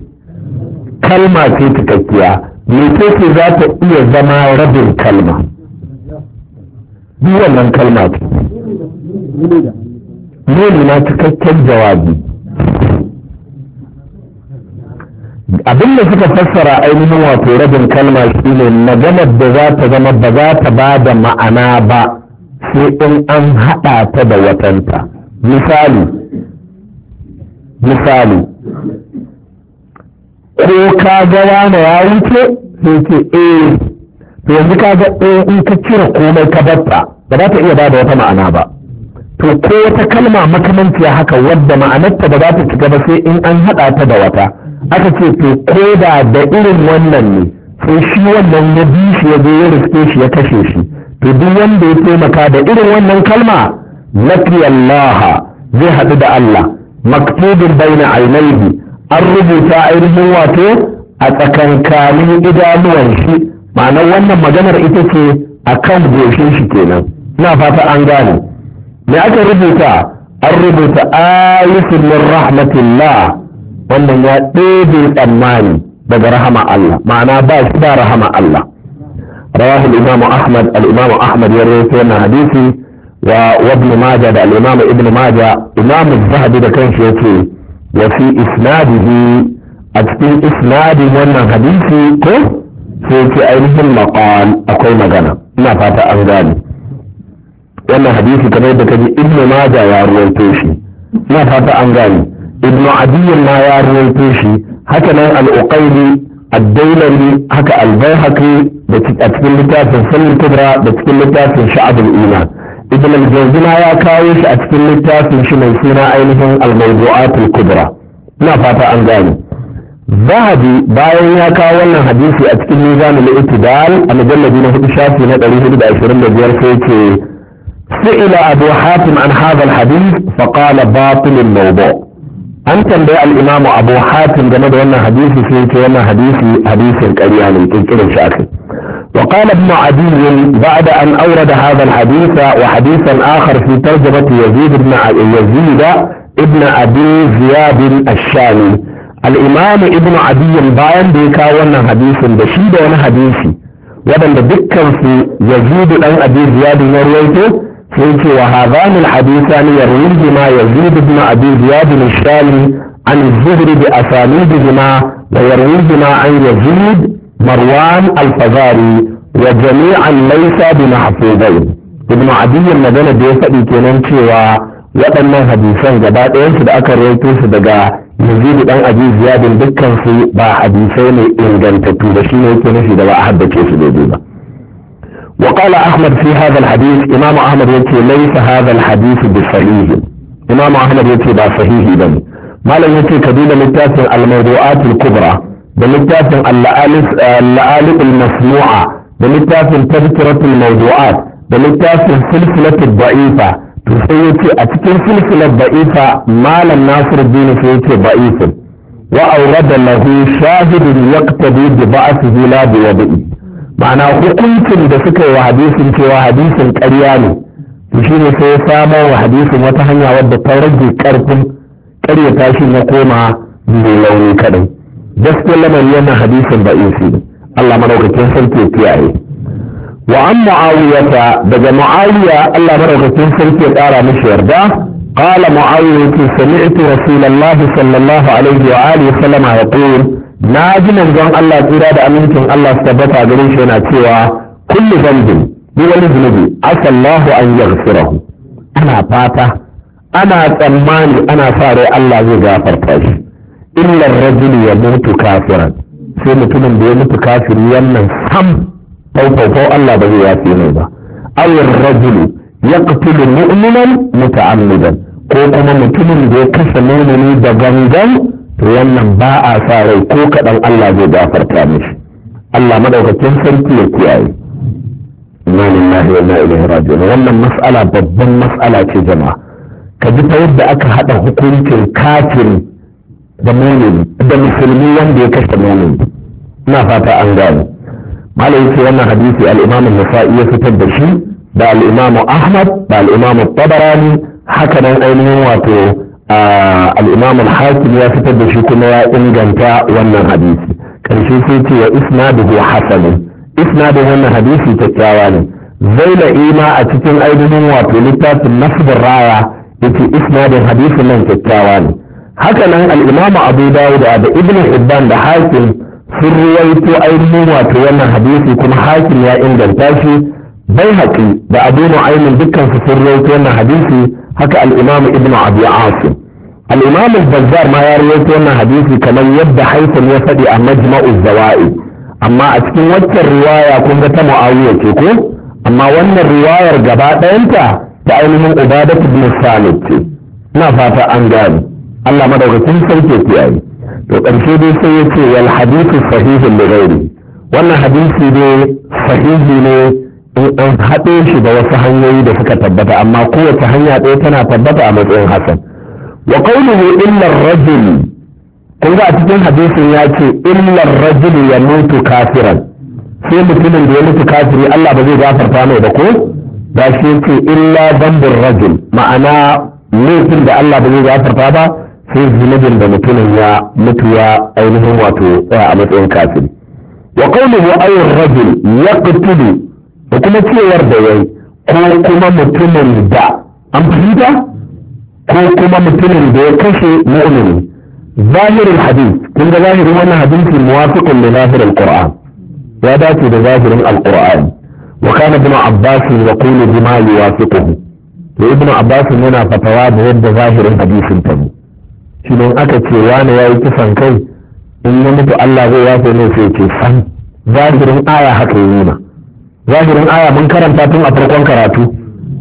kalma ce cikakkiya mece ce za ta iya zama rabin kalma biyan wannan kalma ce nuna na cikakken jawabi abin da suka fassara ainihin wato rabin kalma shine maganar da za ta zama ba za ta ba da ma'ana ba sai in an haɗa ta da watanta misali misali ko ka ga wani ya wuce sai ce eh to yanzu ka ga eh in ka cire komai ka batta ba za ta iya ba da wata ma'ana ba to ko wata kalma makamanci haka wadda ma'anarta ba za ta ci gaba sai in an haɗa ta da wata aka ce to ko da da irin wannan ne sai shi wannan ya bi shi ya zo ya riske shi ya kashe shi to duk wanda ya taimaka da irin wannan kalma laki Allah zai haɗu da Allah maktubin baina ainihi an rubuta ainihin wato a tsakankanin idanuwan shi Ma'ana wannan maganar ita ce a kan goshin shi kenan ina fata an gane me aka rubuta an rubuta ayatul rahmatullah rahmatillah wannan ya ɗebe tsammani daga rahama Allah ma'ana ba shi da rahama Allah rawahu al-imam Ahmad al-imam Ahmad ya rawaito wannan hadisi wa ibn Majah da al-imam Ibn Majah imam Zahabi da kanshi yake wa fi isnadihi a cikin isnadin wannan hadisi ko sai ce ainihin maqal akwai magana ina fata an gane wannan hadisi kamar da kaji Ibn Majah ya rawaito shi ina fata an gane ibnu adiyyin ma ya rawaito shi haka nan al-uqayli ad-dailami haka al-bayhaqi a cikin littafin sunan kubra da cikin littafin sha'abul iman ibn ya kawo shi a cikin littafin shi mai suna ainihin al-mawdu'at al-kubra ina fata an gane zahabi bayan ya kawo wannan hadisi a cikin mizan al-itidal a mujalladi na hudu shafi na 425 sai ce سئل أبو حاتم عن هذا الحديث فقال باطل الموضوع an tambayi al'imamu abu hatim game da wannan hadisi sai ce wannan hadisi hadisin ƙarya ne shi وقال ابن عدي بعد أن أورد هذا الحديث وحديثا آخر في ترجمة يزيد بن يزيد ابن أبي زياد الشامي الإمام ابن عدي باين بيكا وانا حديث بشيد وانا حديثي وانا دكا في يزيد أن أبي زياد نرويته sai ce wa hadhan alhadithan yarwi bima yazid ibn abi ziyad al-shami an zuhri bi asanid bima wa yarwi bima an yazid marwan al-fazari wa jami'an laysa bi mahfuzain ibn abi magana da ya faɗi kenan cewa waɗannan hadisan gaba ɗayansu da aka rawaito su daga yazid dan abi ziyad dukkan su ba hadisai ne ingantattu da shi ne yake nufi da ba a haddace su daidai ba وقال أحمد في هذا الحديث إمام أحمد يتي ليس هذا الحديث بصحيح إمام أحمد يتي با صحيح بني ما لم يتي كبير للتاسع الموضوعات الكبرى بالتاسع اللآلئ المسموعة بالتاسع تذكرة الموضوعات بالتاسع سلسلة الضعيفة تسيوتي أتكين سلسلة ضعيفة ما لم ناصر الدين سيتي ضعيف وأورد له شاهد يقتدي بضعفه لا بوضعه ma'ana hukuncin da suka yi wa hadisin cewa hadisin ƙarya ne to shi ne sai ya samo wa hadisin wata hanya wadda ta rage ƙarfin ƙarya tashin ya koma mai launi kadai gaskiyar lamarin yana hadisin da isi Allah madaukakin sarki ya kiyaye wa an mu'awiyata daga mu'awiya Allah madaukakin sarki ya ƙara mishi yarda قال معاوية سمعت رسول الله صلى الله عليه وآله وسلم يقول na ji manzon Allah tsira da amincin Allah su tabbata gare shi yana cewa kullu dhanbin ni wani zunubi asallahu an yaghfirahu ana fata ana tsammani ana sa rai Allah zai gafarta shi illa rajulu ya mutu kafiran sai mutumin da ya mutu kafiri wannan sam faufau Allah ba zai yafe mai ba ayyar rajulu يقتل مؤمنا متعمدا ko kuma mutumin da ya kashe mumini da gangan wannan ba a sa rai ko kaɗan Allah zai gafarta mishi Allah madaukakin sarki ya kiyaye inna lillahi wa inna ilaihi rajo. wannan mas'ala babban mas'ala ce jama'a ka ji ta yadda aka haɗa hukuncin kafiri da mumin da musulmi wanda ya kashe mumin ina fata an gane malam yake wannan hadisi al-imam an-nasa'i ya fitar da shi da al ahmad da al tabarani haka nan ainihin wato al-imam al-hakim ya fitar da shi kuma ya inganta wannan hadisi karshe sai ce wa isnaduhu hasan isnadin wannan hadisi kyakkyawa ne zaila ma a cikin ainihin wato littafin nasbur raya yace isnadin hadisin nan kyakkyawa ne haka nan al-imam abu dawud da ibn hibban da hakim sun ruwaito ainihin wato wannan hadisi kuma hakim ya inganta shi bai haƙi da abu nu'aymin dukkan su sun ruwaito wannan hadisi haka al-imam ibn abi asim al-imam al-bazzar ma ya rawaito wannan hadisi kamar yadda haifin ya faɗi a majma'u zawa'i amma a cikin waccan riwaya kun ga ta muawiya ce ko amma wannan riwayar gaba ɗayanta ta ainihin ubadatu bin salih ce ina fata an gane Allah madaukakin sarki ke yayi to ƙarshe dai sai ya ce wal hadithu sahihun li ghairi wannan hadisi ne sahihi ne in an haɗe shi da wasu hanyoyi da suka tabbata amma kowace hanya ɗaya tana tabbata a matsayin hasan wa qawluhu illa ar kun ga a cikin hadisin ya ce illa ar ya mutu kafiran sai mutumin da ya mutu kafiri Allah ba zai gafarta mai da ko da shi yake illa dambin rajul ma'ana laifin da Allah ba zai gafarta ba sai zunubin da mutumin ya mutu ya ainihin wato tsaya a matsayin kafiri wa qawluhu ay rajul yaqtulu kuma cewar da yayi ko kuma mutumin da an fahimta ko kuma mutumin da ya kashe mu'mini zahirin hadis kun ga zahirin wannan hadisi muwafiqun li zahirin qur'an ya dace da zahirin alqur'ani wa kana ibn abbas yaqulu bima yuwafiquhu to ibn abbas yana fatawa da yadda zahirin hadisin ta ne shi ne aka ce wani yayi kisan kai in ya mutu Allah zai yafe ne sai ke san zahirin aya haka yi nuna zahirin aya mun karanta tun a farkon karatu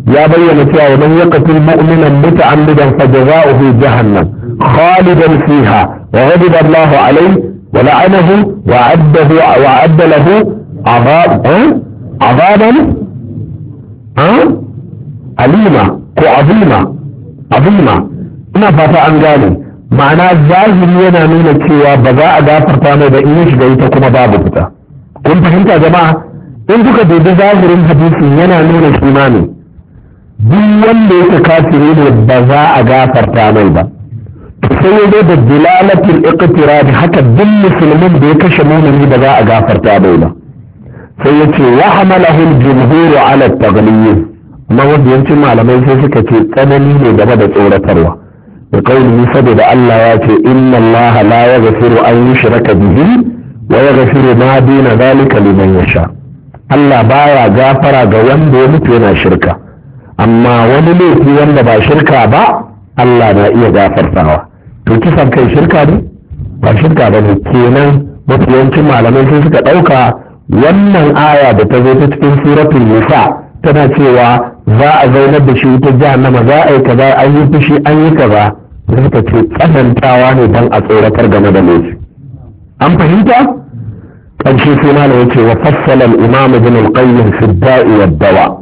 يا بين فيها من يقتل مؤمنا متعمدا فجزاؤه جهنم خالدا فيها وغضب الله عليه ولعنه وعده وعد له عذاب عذابا أليما عظيما عظيما أنا فتا أنجاني معنى الزاجر ينا من الكوى بغاء غافر تاني بإيش جايتا كما بابو بتا كنت حنت يا جماعة انتو كده زاجر الحديث ينا من الكيماني duk wanda yake kafiri ne ba za a gafarta mai ba sai ya zo da dilalatul iqtirab haka duk musulmin da ya kashe mumini ba za a gafarta mai ba sai ya ce wa hamalahu al-jumhur ala at-taghlib amma wanda yancin malamai sai suka ce tsanani ne game da tsoratarwa da kauli saboda Allah ya ce inna Allah la yaghfiru an yushraka bihi wa yaghfiru ma duna zalika liman yasha Allah baya gafara ga wanda ya mutu yana shirka amma wani laifi wanda ba shirka ba Allah na iya gafartawa to kisan kai shirka ne ba shirka ba ne kenan mafi yawancin malamai sun suka ɗauka wannan aya da ta zo ta cikin suratul nisa tana cewa za a zaunar da shi wuta jahannama za a yi kaza an yi fushi an yi kaza sai suka ce tsanantawa ne don a tsoratar game da laifi an fahimta ƙarshe sai malam ya ce wa fassala al-imam ibn al-qayyim fi da'i dawa'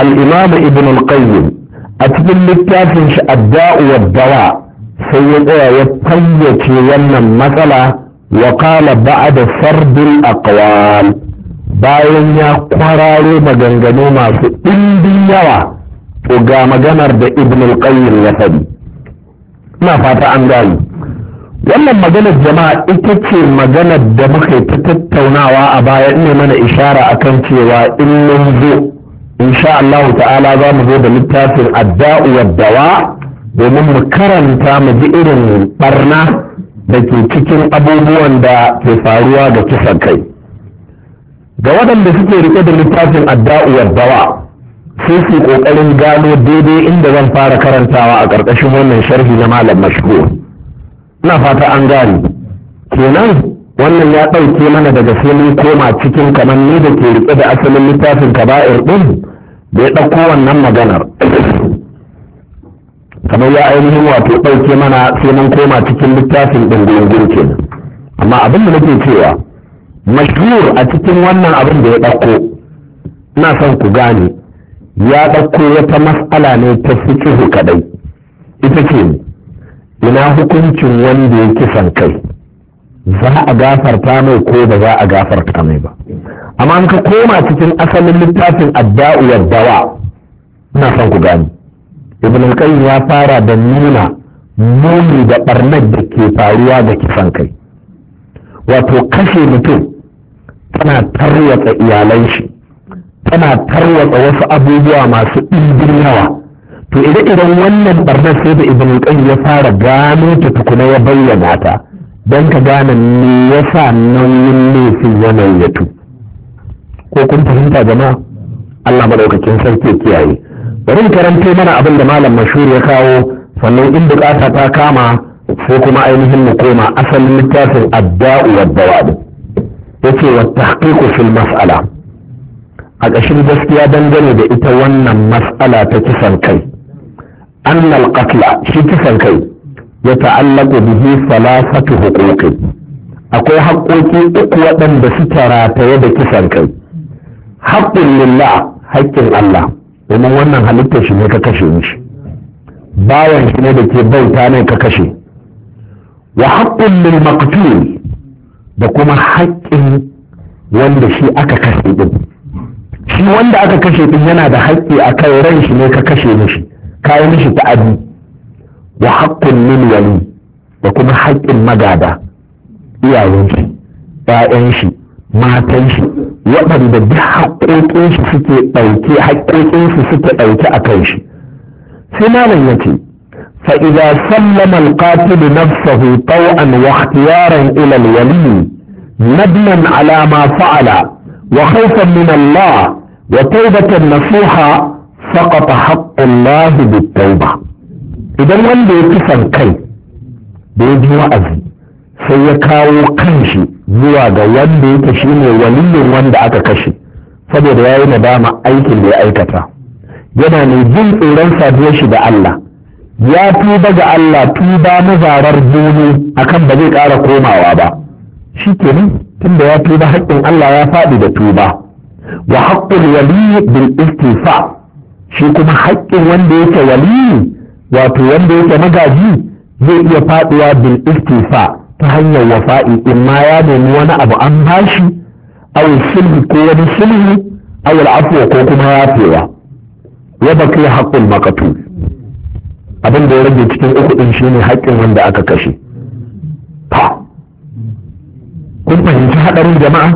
al-imam ibn al a cikin littafin shi adda'u wa dawa sai ya tsaya ya fayyace wannan matsala wa ba'a da sarbin aqwal bayan ya kwararo maganganu masu ɗimbin yawa to ga da ibn al ya faɗi ina fata an gani wannan maganar jama'a ita ce maganar da muka ta tattaunawa a baya ina mana ishara akan cewa in mun zo insha Allah ta'ala za mu zo da littafin adda'u wa dawa domin mu karanta mu ji irin barna da ke cikin abubuwan da ke faruwa ga kisan kai ga waɗanda suke rike da littafin adda'u wa dawa sai su ƙoƙarin gano daidai inda zan fara karantawa a ƙarƙashin wannan sharhi na malam mashhur ina fata an gane kenan wannan ya ɗauke mana daga sai mun koma cikin kamar ni da ke riƙe da asalin littafin kaba'ir ɗin da ya ɗauko wannan maganar kamar ya ainihin wato ɗauke mana sai mun koma cikin littafin ɗin da kenan amma abin da nake cewa mashhur a cikin wannan abin da ya ɗauko ina son ku gane ya ɗauko wata mas'ala ne ta fikihu kaɗai ita ce ina hukuncin wanda ya kisan kai za a gafarta mai ko ba za a gafarta mai ba amma an koma cikin asalin littafin adda'u yaddawa ina son ku gani ibn al ya fara da nuna muni da ɓarnar da ke faruwa ga kisan kai wato kashe mutum tana tarwatsa iyalan shi tana tarwatsa wasu abubuwa masu ɗimbin yawa to ire-iren wannan ɓarnar sai da ibn al ya fara gano ta tukuna ya bayyana ta don ka gane me ya sa nauyin laifin yanayi ya tu ko kun fahimta jama'a Allah maɗaukakin sarki kiyaye bari mu karanto mana abin da malam mashuri ya kawo sannan in bukata ta kama sai kuma ainihin mu koma asalin littafin adda'u wa dawab yace wa tahqiqu fil mas'ala a ƙashin gaskiya dangane da ita wannan mas'ala ta kisan kai annal qatla shi kisan kai ya ta'allaku bihi salafatu huquqi akwai haƙƙoƙi uku waɗanda suke rataye da kisan kai haƙƙin lillah haƙƙin Allah domin wannan halittar shi ne ka kashe mishi bayan shi ne da ke bauta ne ka kashe wa haƙƙin lil maqtul da kuma haƙƙin wanda shi aka kashe din shi wanda aka kashe din yana da haƙƙi a kai ran shi ne ka kashe mishi kayi mishi ta'adi wa haƙƙun lil wali da kuma haƙƙin magada iyayen shi ƴaƴan shi matan shi waɗanda duk haƙƙoƙin shi suke ɗauke haƙƙoƙin su suke ɗauke a kan shi sai malam ya ce فإذا سلم القاتل نفسه طوعا واختيارا إلى الولي ندما على ما فعل وخوفا من الله وتوبة نصوحة سقط حق الله بالتوبة idan wanda ya kisan kai da ya ji wa'azi sai ya kawo kanshi zuwa ga wanda yake shi ne waliyin wanda aka kashe saboda ya yi nadama aikin da ya aikata yana mai jin tsoron saduwar shi da Allah ya tuba ga Allah tuba mazarar duni akan ba zai ƙara komawa ba shi kenan da ya tuba haƙƙin Allah ya faɗi da tuba wa haƙƙin wali bil istifa shi kuma haƙƙin wanda yake waliyi wato wanda yake magaji zai iya faduwa bil iktifa ta hanyar wafa'i in ma ya nemi wani abu an bashi aw sulhu ko wani sulhu aw al'afwa ko kuma yafewa wa baki haqqul maqtu abin da ya rage cikin uku din shine haƙƙin wanda aka kashe kun fahimci hadarin jama'a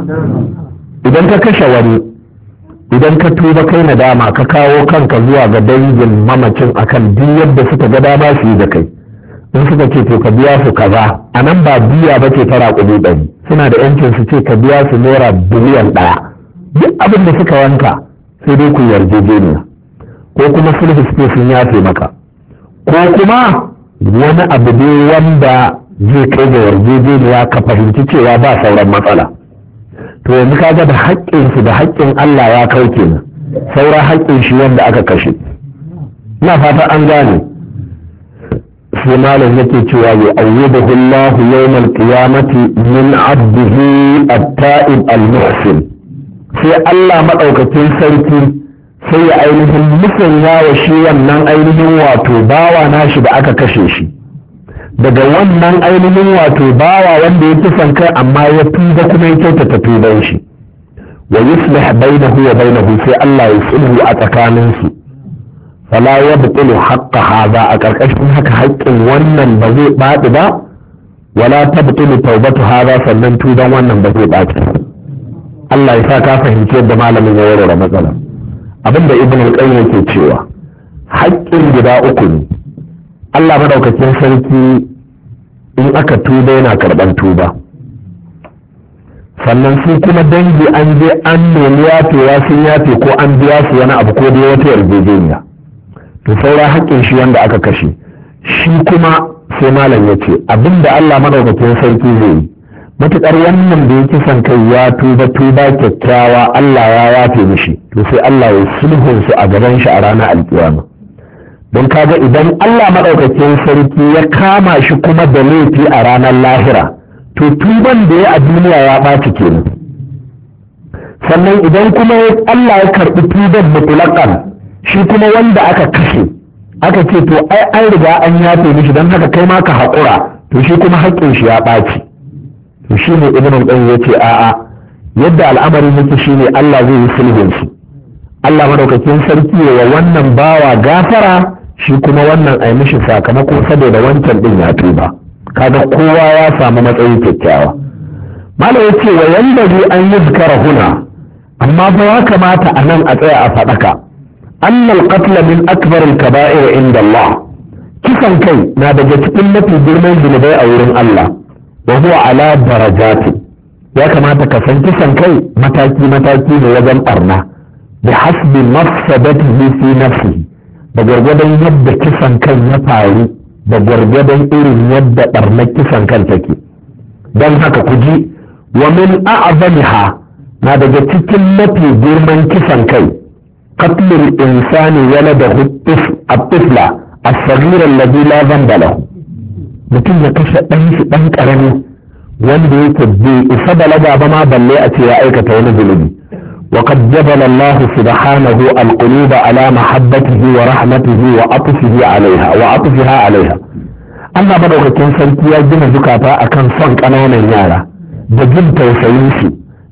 idan ka kashe wani idan ka tuba kai nadama ka kawo kanka zuwa ga dangin mamacin kan duk yadda suka ga dama su yi da kai in suka ce to ka biya su kaza a nan ba biya ba ce tara kudi ɗari suna da yancin su ce ka biya su naira biliyan ɗaya duk abin da suka wanka sai dai ku yarjejeniya ko kuma sulhu suke sun yafe maka ko kuma wani abu ne wanda zai kai ga yarjejeniya ka fahimci cewa ba sauran matsala to yanzu kaga da haƙƙin su da haƙƙin Allah ya kauke na, saura haƙƙin shi wanda aka kashe ina fata an gane sai malam yake cewa ya ayyudahu Allah yawmal qiyamati min abdihi at-ta'ib al-muhsin sai Allah madaukakin sarki sai ya ainihin musanya wa shi wannan ainihin wato bawa nashi da aka kashe shi daga wannan ainihin wato bawa wanda ya kisan kai amma ya tuba kuma ya kyautata tuban shi wa yuslih bainahu wa bainahu sai Allah ya sulhu a tsakanin su fala yabqulu haqqa hadha a karkashin haka haƙƙin wannan ba zai baɗi ba wala tabtulu taubatu hadha sannan tudan wannan ba zai baɗi Allah ya sa ka fahimci yadda malamin ya warware matsala abinda ibn al-qayyim yake cewa haƙƙin guda uku ne Allah madaukakin sarki in aka tuba yana karban tuba sannan su kuma dangi an je an nemi yafewa sun yafe ko an biya su wani abu ko dai wata yarjejeniya to saura haƙƙin shi wanda aka kashe shi kuma sai malam ya ce abin da allah maɗaukakin sarki zai yi matuƙar wannan da ya kisan kai ya tuba tuba kyakkyawa allah ya yafe mishi to sai allah ya sulhunsu a gaban shi a ranar alƙiyama don kaga idan Allah maɗaukakin sarki ya kama shi kuma da laifi a ranar lahira to tuban da ya a duniya ya ɓaci kenan sannan idan kuma Allah ya karɓi tuban mutulakan shi kuma wanda aka kashe aka ce to ai an riga an yafe mishi don haka kai ma ka haƙura to shi kuma haƙƙin shi ya ɓaci to shi ne ibn ɗan ya ce a'a yadda al'amarin yake shi ne Allah zai yi sulhun su Allah maɗaukacin sarki wa wannan bawa gafara shi kuma wannan a mishi sakamako saboda wancan din ya tuba kaga kowa ya samu matsayi kyakkyawa malam ce wa yanbaghi an yuzkara huna amma fa ya kamata a nan a tsaya a faɗaka annal qatl min akbar al-kaba'ir inda Allah kisan kai na daga cikin mafi girman zunubai a wurin Allah wa huwa ala darajati ya kamata ka san kisan kai mataki mataki ne wajen barna bi hasbi mafsadatihi fi nafsihi da gwargwadon yadda kisan kan ya faru da gwargwadon irin yadda barnar kisan kan take don haka ku ji wa min a'zamiha na daga cikin mafi girman kisan kai qatlul insani waladahu at-tifla as a alladhi la dhanba lahu mutum ya kashe ɗan shi ɗan ƙarami wanda yake bai isa balaga ba ma balle a ce ya aikata wani zunubi وقد جبل الله سبحانه القلوب على محبته ورحمته وعطفه عليها وعطفها عليها Allah madaukakin sarki ya gina zukata akan son ƙananan yara da jin tausayin su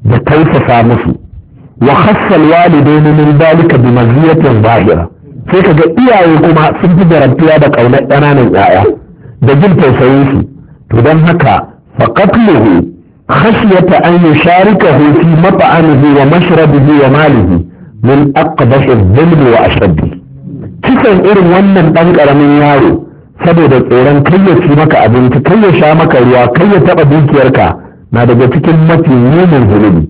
da tausasa musu wa khassal walidain min dalika bi maziyatin zahira sai kaga iyaye kuma sun fi garantiya da ƙaunar ƙananan yaya da jin tausayin su to don haka faqatluhu خشية أن يشاركه في مطعمه ومشربه وماله من أقبح الظلم وأشده kisan irin wannan ɗan ƙaramin yaro saboda tsoron kai ya ci maka abinci kai ya sha maka ruwa kai ya taɓa dukiyarka na daga cikin mafi munin zunubi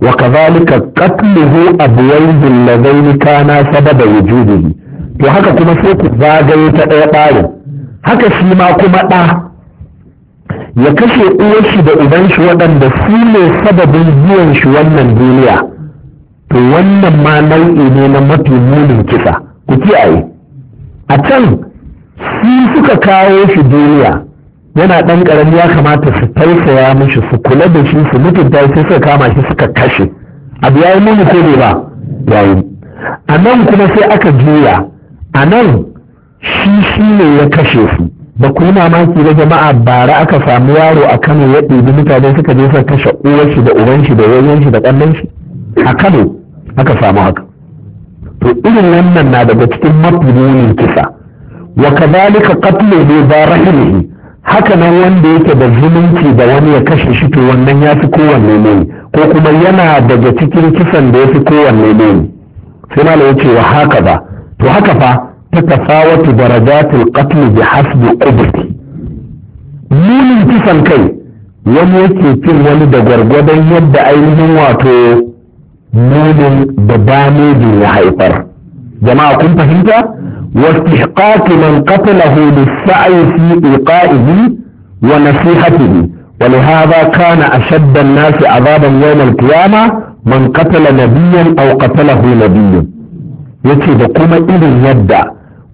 wa kazalika qatluhu abwayhi alladaini kana sababa wujudihi to haka kuma sai ku zagaye ta ɗaya ɓarin haka shi ma kuma ɗa ya kashe uwarshi da shi waɗanda su ne sababin zuwan shi wannan duniya to wannan ma nau'i ne na mafi munin kisa ku kiyaye a can su suka kawo shi duniya yana ɗan ƙarami ya kamata su tausaya mishi su kula da shi su mutunta sai suka kama shi suka kashe abu ya yi muni ko ne ba yayi a nan kuma sai aka juya a nan shi shi ne ya kashe su ba ku yi mamaki na jama'a bara aka samu yaro a kano ya ɗebi mutane suka je sa kashe uwar shi da uban shi da yayyanshi da ƙannan shi a kano aka samu haka to irin wannan na daga cikin mafi munin kisa wa kadhalika qatlu bi zarhihi haka nan wanda yake da zumunci da wani ya kashe shi to wannan ya fi kowanne ne ko kuma yana daga cikin kisan da ya fi kowanne ne sai malam ya wa haka ba to haka fa تتفاوت درجات القتل بحسب قدرته مين انتفن كي وني كيتين وني دا غرغبا يبدا اي مواتو مين بداني دي حيطر جماعة كنت فهمت واستحقاق من قتله للسعي في إلقائه ونصيحته ولهذا كان أشد الناس عذابا يوم القيامة من قتل نبيا أو قتله نبيا يتي بقوم إذن يبدأ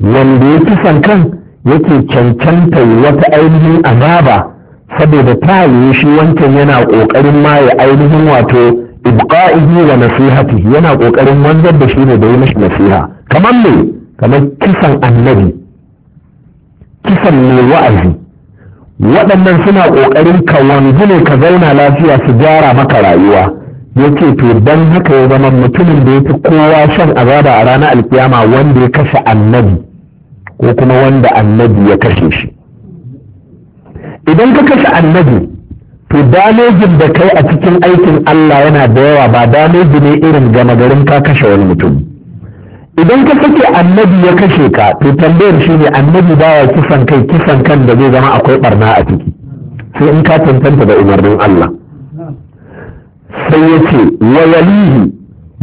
wanda ya kisan kan yake cancanta wata ainihin azaba saboda ta yi shi wancan yana kokarin ma ya ainihin wato ibqa'ihi wa nasihati yana kokarin wanzar da shi ne da yi mashi nasiha kamar me kamar kisan annabi kisan mai wa'azi waɗannan suna ƙoƙarin ka wanzu ne ka zauna lafiya su gyara maka rayuwa ya ce to don haka ya zama mutumin da ya fi kowa shan azaba a ranar alkiyama wanda ya kashe annabi ko kuma wanda annabi ya kashe shi idan ka kashe annabi to damejin da kai a cikin aikin Allah yana da yawa ba dameji ne irin gama garin ka kashe wani mutum idan ka sake annabi ya kashe ka to tambayar shi ne annabi baya kisan kai kisan kan da zai zama akwai barna a ciki sai in ka tantanta da umarnin Allah sai ya ce wa yalihi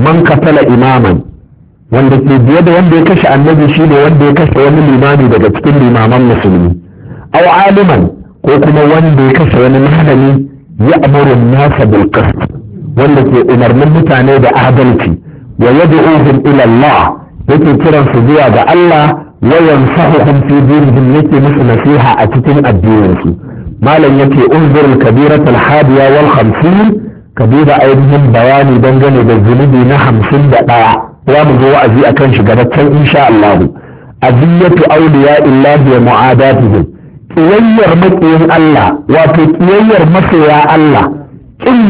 man katala imaman wanda ke biye da wanda ya kashe annabi shi ne wanda ya kashe wani limami daga cikin limaman musulmi aw aliman ko kuma wanda ya kashe wani malami ya amuru nasa bil wanda ke umarnin mutane da adalci wa yad'uhum ila Allah yake kiran su zuwa ga Allah wa yansahuhum fi dinihim yake musu nasiha a cikin addininsu malam yake unzur al kabirata al hadiya wal khamsin ka duba ainihin bayani dangane da zunubi na hamsin da ɗaya za mu zo wa'azi a kan shi gaba can insha Allah aziyatu awliya illahi wa mu'adatuhu kiyayyar maƙiyin Allah wato kiyayyar masoya Allah kin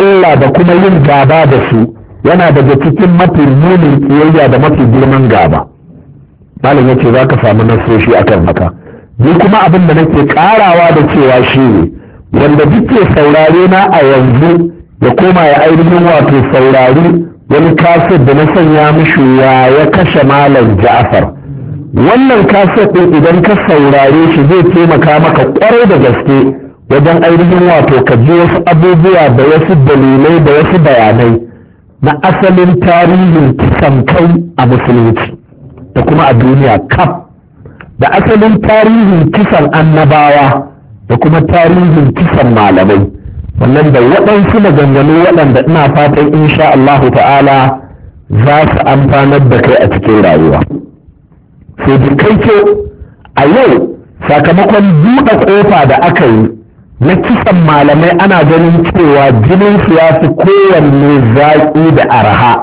Allah da kuma yin gaba da su yana daga cikin mafi munin kiyayya da mafi girman gaba malam yace za ka samu nasoshi akan haka ni kuma abin da nake karawa da cewa shi ne wanda duk ya saurare na a yanzu ya koma ya ainihin wato saurari wani kaset da na sanya mishi ya ya kashe malam ja'afar wannan kaset ɗin idan ka saurare shi zai taimaka maka kwarai da gaske wajen ainihin wato ka ji wasu abubuwa da wasu dalilai da wasu bayanai na asalin tarihin kisan kai a musulunci da kuma a duniya kaf da asalin tarihin kisan annabawa da kuma tarihin kisan malamai wannan da waɗansu maganganu waɗanda ina fatan insha Allahu ta'ala za su amfanar da kai a cikin rayuwa sai ce a yau sakamakon buɗe ƙofa da aka yi na kisan malamai ana ganin cewa jinin su ya fi kowanne zaƙi da arha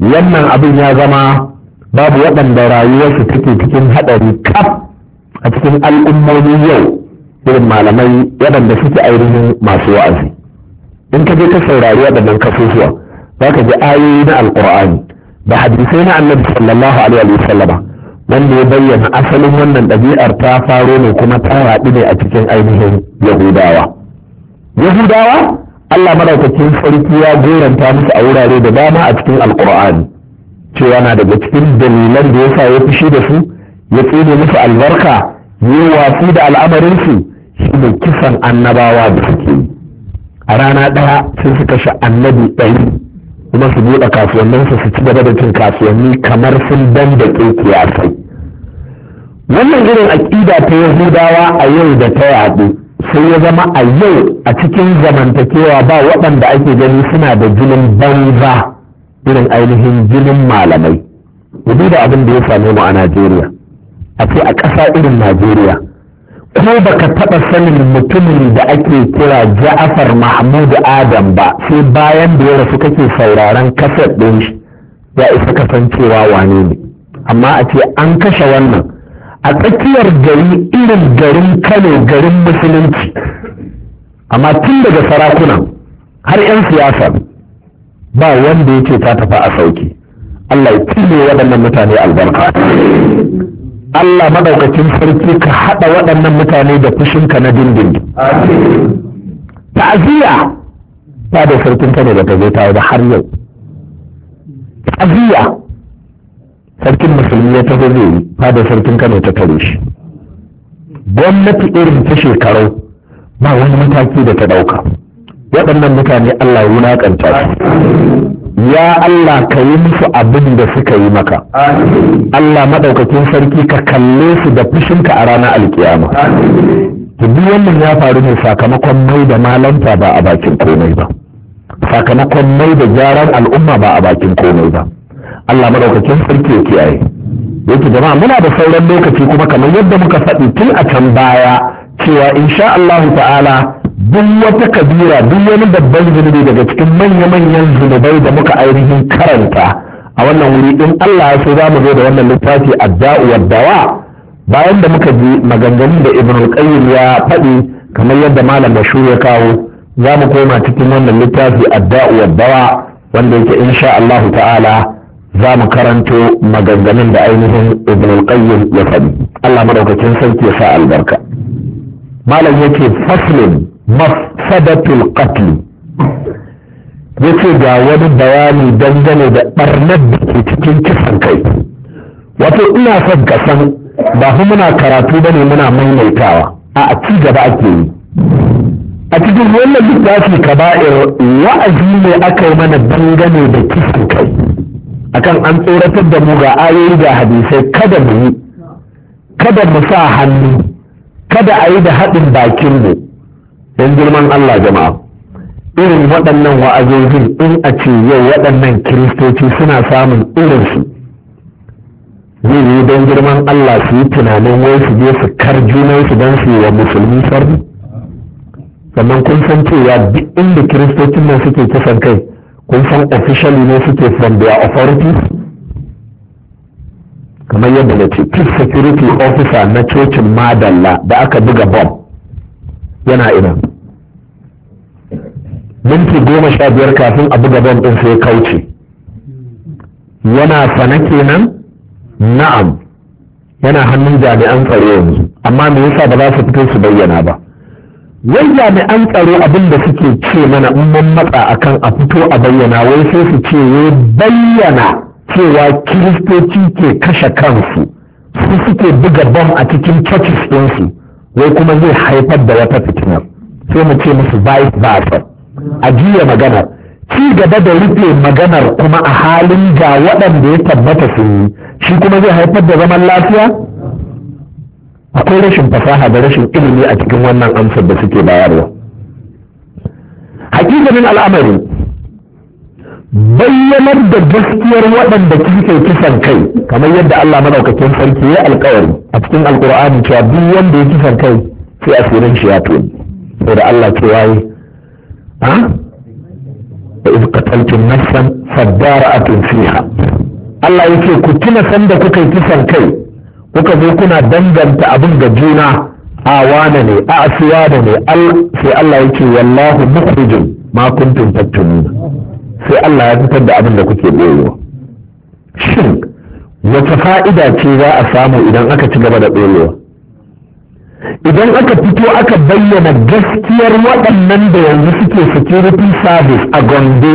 wannan abin ya zama babu waɗanda rayuwarsu take cikin haɗari kaf a cikin al'ummomin yau irin malamai waɗanda suke ainihin masu wa'azi in ka je ka saurari waɗannan kasusuwa za ka ji ayoyi na alƙur'ani da hadisai na annabi sallallahu alaihi wa sallama wanda ya bayyana asalin wannan ɗabi'ar ta faro ne kuma ta yaɗu ne a cikin ainihin yahudawa yahudawa allah madaukakin sarki ya goranta musu a wurare da dama a cikin alƙur'ani cewa na daga cikin dalilan da ya sa ya fushi da su ya tsine musu albarka yi watsi da su. shi ne kisan annabawa da suke yi a rana ɗaya sun su kashe annabi ɗari kuma su buɗe kasuwanninsu su ci gaba da cin kasuwanni kamar sun dandake kiyasai wannan irin aƙida ta yahudawa a yau da ta yaɗu sai ya zama a yau a cikin zamantakewa ba waɗanda ake gani suna da jinin banza irin ainihin jinin malamai da abin da ya same mu a najeriya a ce a ƙasa irin najeriya ko baka taɓa sanin mutumin da ake kira ja'afar mahmud adam ba sai bayan da ya rasu kake sauraron kasar ɗin shi ya isa kasancewa wane ne amma a ce an kashe wannan a tsakiyar gari irin garin kano garin musulunci amma tun daga sarakunan har 'yan siyasa ba wanda ya ce ta tafi a sauki allah ya waɗannan mutane albarka Allah madaukakin sarki ka haɗa waɗannan mutane da fushinka na dindindin. Ta'aziyya ba da sarkin Kano da ta zo ta da har yau. Ta'aziyya sarkin musulmi ya taho zai yi ba da sarkin Kano ta tare shi. Gwamnati irin ta shekarau ba wani mataki da ta ɗauka. Waɗannan mutane Allah ya wulaƙanta su. ya Allah ka yi musu abin da suka yi maka Allah maɗaukakin sarki ka kalle su da fushinka a ranar alkiyama to duk wannan ya faru ne sakamakon mai da malanta ba a bakin komai ba sakamakon mai da gyaran al'umma ba a bakin komai ba Allah maɗaukakin sarki ya kiyaye yake jama'a muna da sauran lokaci kuma kamar yadda muka faɗi tun a can baya cewa insha Allah ta'ala duk wata kabira duk wani babban zunubi daga cikin manya-manyan zunubai da muka ainihin karanta a wannan wuri in Allah ya so za mu zo da wannan littafi adda'u dawa bayan da muka ji maganganun da Ibn al-Qayyim ya faɗi kamar yadda malam Bashir ya kawo za mu koma cikin wannan littafi adda'u dawa wanda yake insha Allah ta'ala za mu karanto maganganun da ainihin Ibn al-Qayyim ya faɗi Allah madaukakin sarki ya sa albarka malam yake faslin mafsadatul qatl yace ga wani bayani dangane da barnar da ke cikin kisan kai wato ina son ka san ba mu muna karatu bane muna maimaitawa a ci gaba ake yi a cikin wannan littafi kaba'ir wa'azi ne aka yi mana dangane da kisan kai akan an tsoratar da mu ga ayoyi da hadisai kada mu yi kada mu sa hannu kada a yi da haɗin bakin mu don girman Allah jama'a irin waɗannan wa'azojin in a ce yau waɗannan kiristoci suna samun irinsu zai yi don girman Allah su yi tunanin wai su je su kar junansu don su yi wa musulmi sarri sannan kun san cewa duk inda kiristocin nan suke kisan kai kun san officially ne suke from their authorities kamar yadda na ce chief security officer na cocin madalla da aka buga bomb yana ina minti goma sha biyar kafin a buga bam ɗin sai kauce yana sana kenan na'am yana hannun jami'an tsaro yanzu amma me yasa ba za su fito su bayyana ba wai jami'an tsaro abin da suke ce mana in mun matsa akan a fito a bayyana wai sai su ce ya bayyana cewa kiristoci ke kashe kansu su suke buga bam a cikin cocis ɗinsu wai kuma zai haifar da wata fitina sai mu ce musu vice versa a juya maganar ci gaba da rufe maganar kuma a halin ga waɗanda ya tabbata sun yi shi kuma zai haifar da zaman lafiya akwai rashin fasaha da rashin ilimi a cikin wannan amsar da suke bayarwa hakikanin al'amari bayyanar da gaskiyar waɗanda kike kisan kai kamar yadda Allah madaukakin sarki ya alkawari a cikin alkur'ani cewa duk wanda ya kisan kai sai a asirin shi ya tuni da Allah ce yayi ha da iz qataltum nafsan fadara'atun fiha Allah yake ku tuna sanda kuka yi kisan kai kuka zo kuna danganta abin ga juna a wane ne a asiya ne sai Allah yake wallahu mukhrijum ma kuntum tattununa sai Allah ya fitar da abin da kuke ɓoyewa shin wata fa'ida ce za a samu idan aka ci gaba da ɓoyewa idan aka fito aka bayyana gaskiyar waɗannan da yanzu suke security service a gombe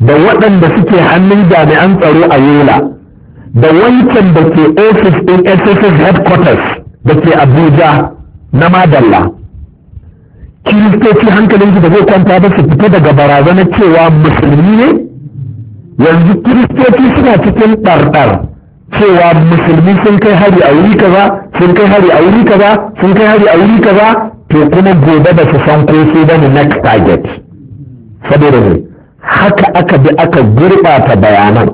da waɗanda suke hannun jami'an tsaro a yola da wancan da ke ofis ɗin sss headquarters da ke abuja na madalla kiristoci hankalin su da zai kwanta ba su fita daga barazana cewa musulmi ne yanzu kiristoci suna cikin ɗarɗar cewa musulmi sun kai hari a wuri kaza sun kai hari a wuri kaza sun kai hari a wuri kaza to kuma gobe ba su san ko su ne next target saboda ne haka aka bi aka gurɓata bayanan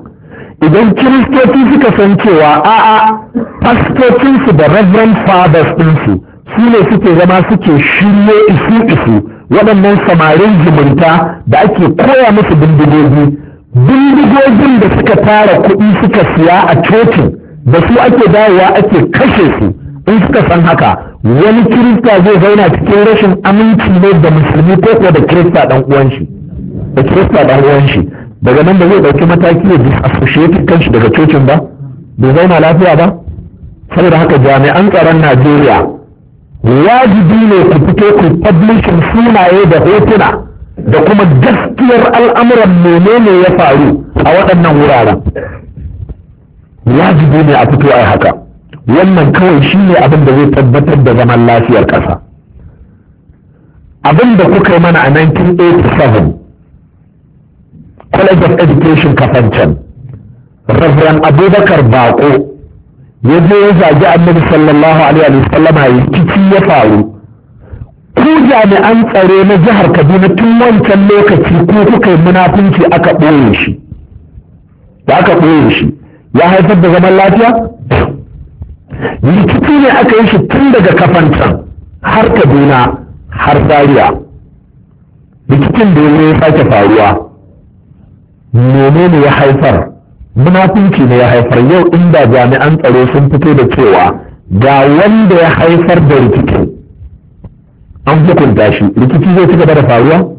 idan kiristoci suka san cewa a'a fastocinsu da reverend fathers ɗinsu su ne suke zama suke shirye isu isu waɗannan samarin zumunta da ake koya musu bindigogi bindigogin da suka tara kuɗi suka siya a cocin da su ake dawowa ake kashe su in suka san haka wani kirista zai zauna cikin rashin aminci ne da musulmi ko kuwa da kirista dan uwan shi da kirista dan uwan daga nan da zai dauki mataki ya disassociate kanshi daga cocin ba bai zauna lafiya ba saboda haka jami'an tsaron Najeriya wajibi ne ku fito ku publishin sunaye da hotuna da kuma gaskiyar al'amuran menene ya faru a waɗannan wuraren wajibi ne a fito a haka wannan kawai shi ne abin da zai tabbatar da zaman lafiyar ƙasa abin da kuka yi mana a 1987 college of education kafancan reverend abubakar bako ya je ya zagi annabi sallallahu alaihi wa sallama ya kici ya faru ku jami'an tsaro na jihar kaduna tun wancan lokaci ko kuka yi munafunci aka ɓoye shi da aka ɓoye shi ya haifar da zaman lafiya rikici ne aka yi shi tun daga kafancan har kaduna har zaria rikicin da ya sake faruwa menene ya haifar munafunci ne ya haifar yau inda jami'an tsaro sun fito da cewa ga wanda ya haifar da rikici an hukunta shi rikici zai ci gaba da faruwa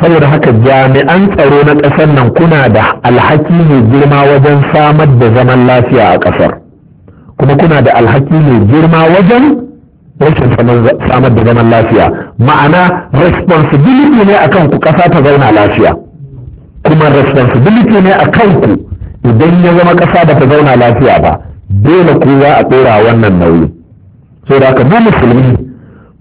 saboda haka jami'an tsaro na ƙasar nan kuna da alhaki mai girma wajen samar da zaman lafiya a ƙasar kuma kuna da alhaki mai girma wajen rashin samar da zaman lafiya ma'ana responsibility ne akan ku ƙasa ta zauna lafiya kuma responsibility ne a kanku idan ya zama ƙasa ba ta zauna lafiya ba dole kowa a tsora wannan nauyi so da mu musulmi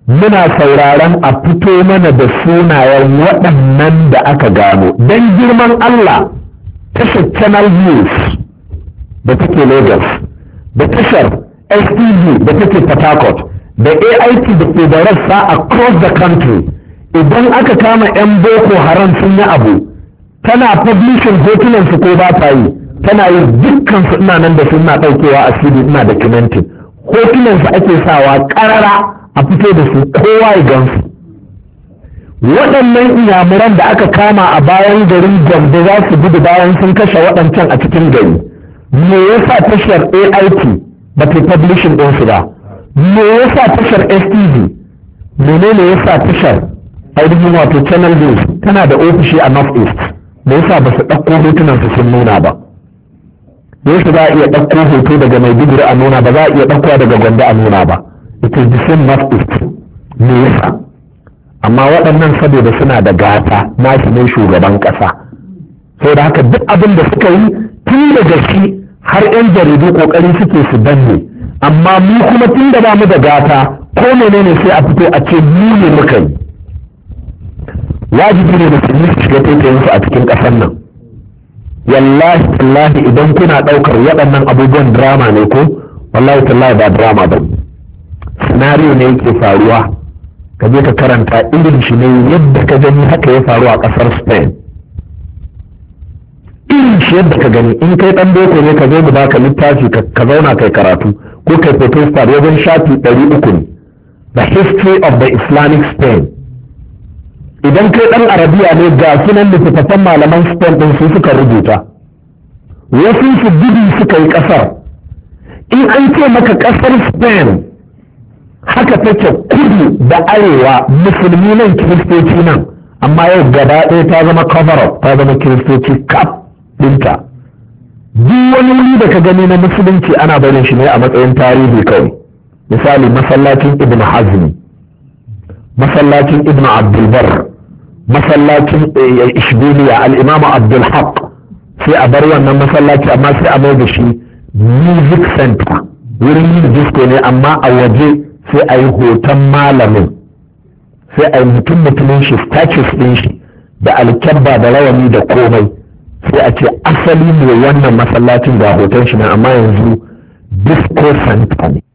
muna sauraron a fito mana da sunayen waɗannan da aka gano don girman Allah tashar channel news da take lagos da tashar stv da take port harcourt da ait da ke da rassa across the country idan aka kama 'yan boko haram sun yi abu tana publishing su ko ba ta yi tana yin dukkan su ina nan da suna ɗaukewa a cd ina da kimanti hotunan su ake sawa karara a fito da su kowa ya gansu waɗannan iyamuran da aka kama a bayan garin gombe za su gudu bayan sun kashe waɗancan a cikin gari me yasa tashar ait ba ta publishing ɗinsu ba me yasa tashar stv menene yasa tashar ainihin wato channel news tana da ofishi a north east me yasa ba su ɗauko hotunan su sun nuna ba yaushe za a iya ɗauko hoto daga mai maiduguri a nuna ba za a iya ɗaukowa daga gwanda a nuna ba it is the same me yasa amma waɗannan saboda suna da gata na shi ne shugaban ƙasa da haka duk abin da suka yi tun daga shi har 'yan jaridu ƙoƙari suke su danne amma mu kuma tun da ba mu da gata ko menene sai a fito a ce mu ne muka yi wajibi ne da su yi shiga tekayensu a cikin ƙasar nan wallahi wallahi idan kuna ɗaukar waɗannan abubuwan drama ne ko wallahi tallahi ba drama ba scenario ne yake faruwa ka je ka karanta irin shi ne yadda ka gani haka ya faru a ƙasar spain irin shi yadda ka gani in kai dan boko ne ka zo mu baka littafi ka zauna kai karatu ko kai photostar wajen shafi ɗari uku ne the history of the islamic spain idan kai ɗan arabiya ne ga sunan littattafan malaman spain ɗin su suka rubuta wasu su gudu suka yi ƙasar in an ce maka ƙasar spain haka take kudu da arewa musulmi nan kiristoci nan amma yau gaba ɗaya ta zama cover up ta zama kiristoci kaf ɗinta duk wani wuri da ka gani na musulunci ana barin shi ne a matsayin tarihi kawai misali masallacin ibn hazmi masallacin ibn abdulbar masallacin eh, ishbiliya al'imamu abdulhaq sai a bar wannan masallaci amma sai a mai da shi music center wurin yin disco ne amma a waje sai a yi hoton malamin sai a yi mutum mutumin shi statues ɗin shi da alkyabba da rawani da komai sai a ce asali ne wannan masallacin ga hoton shi ne, amma yanzu disco center ne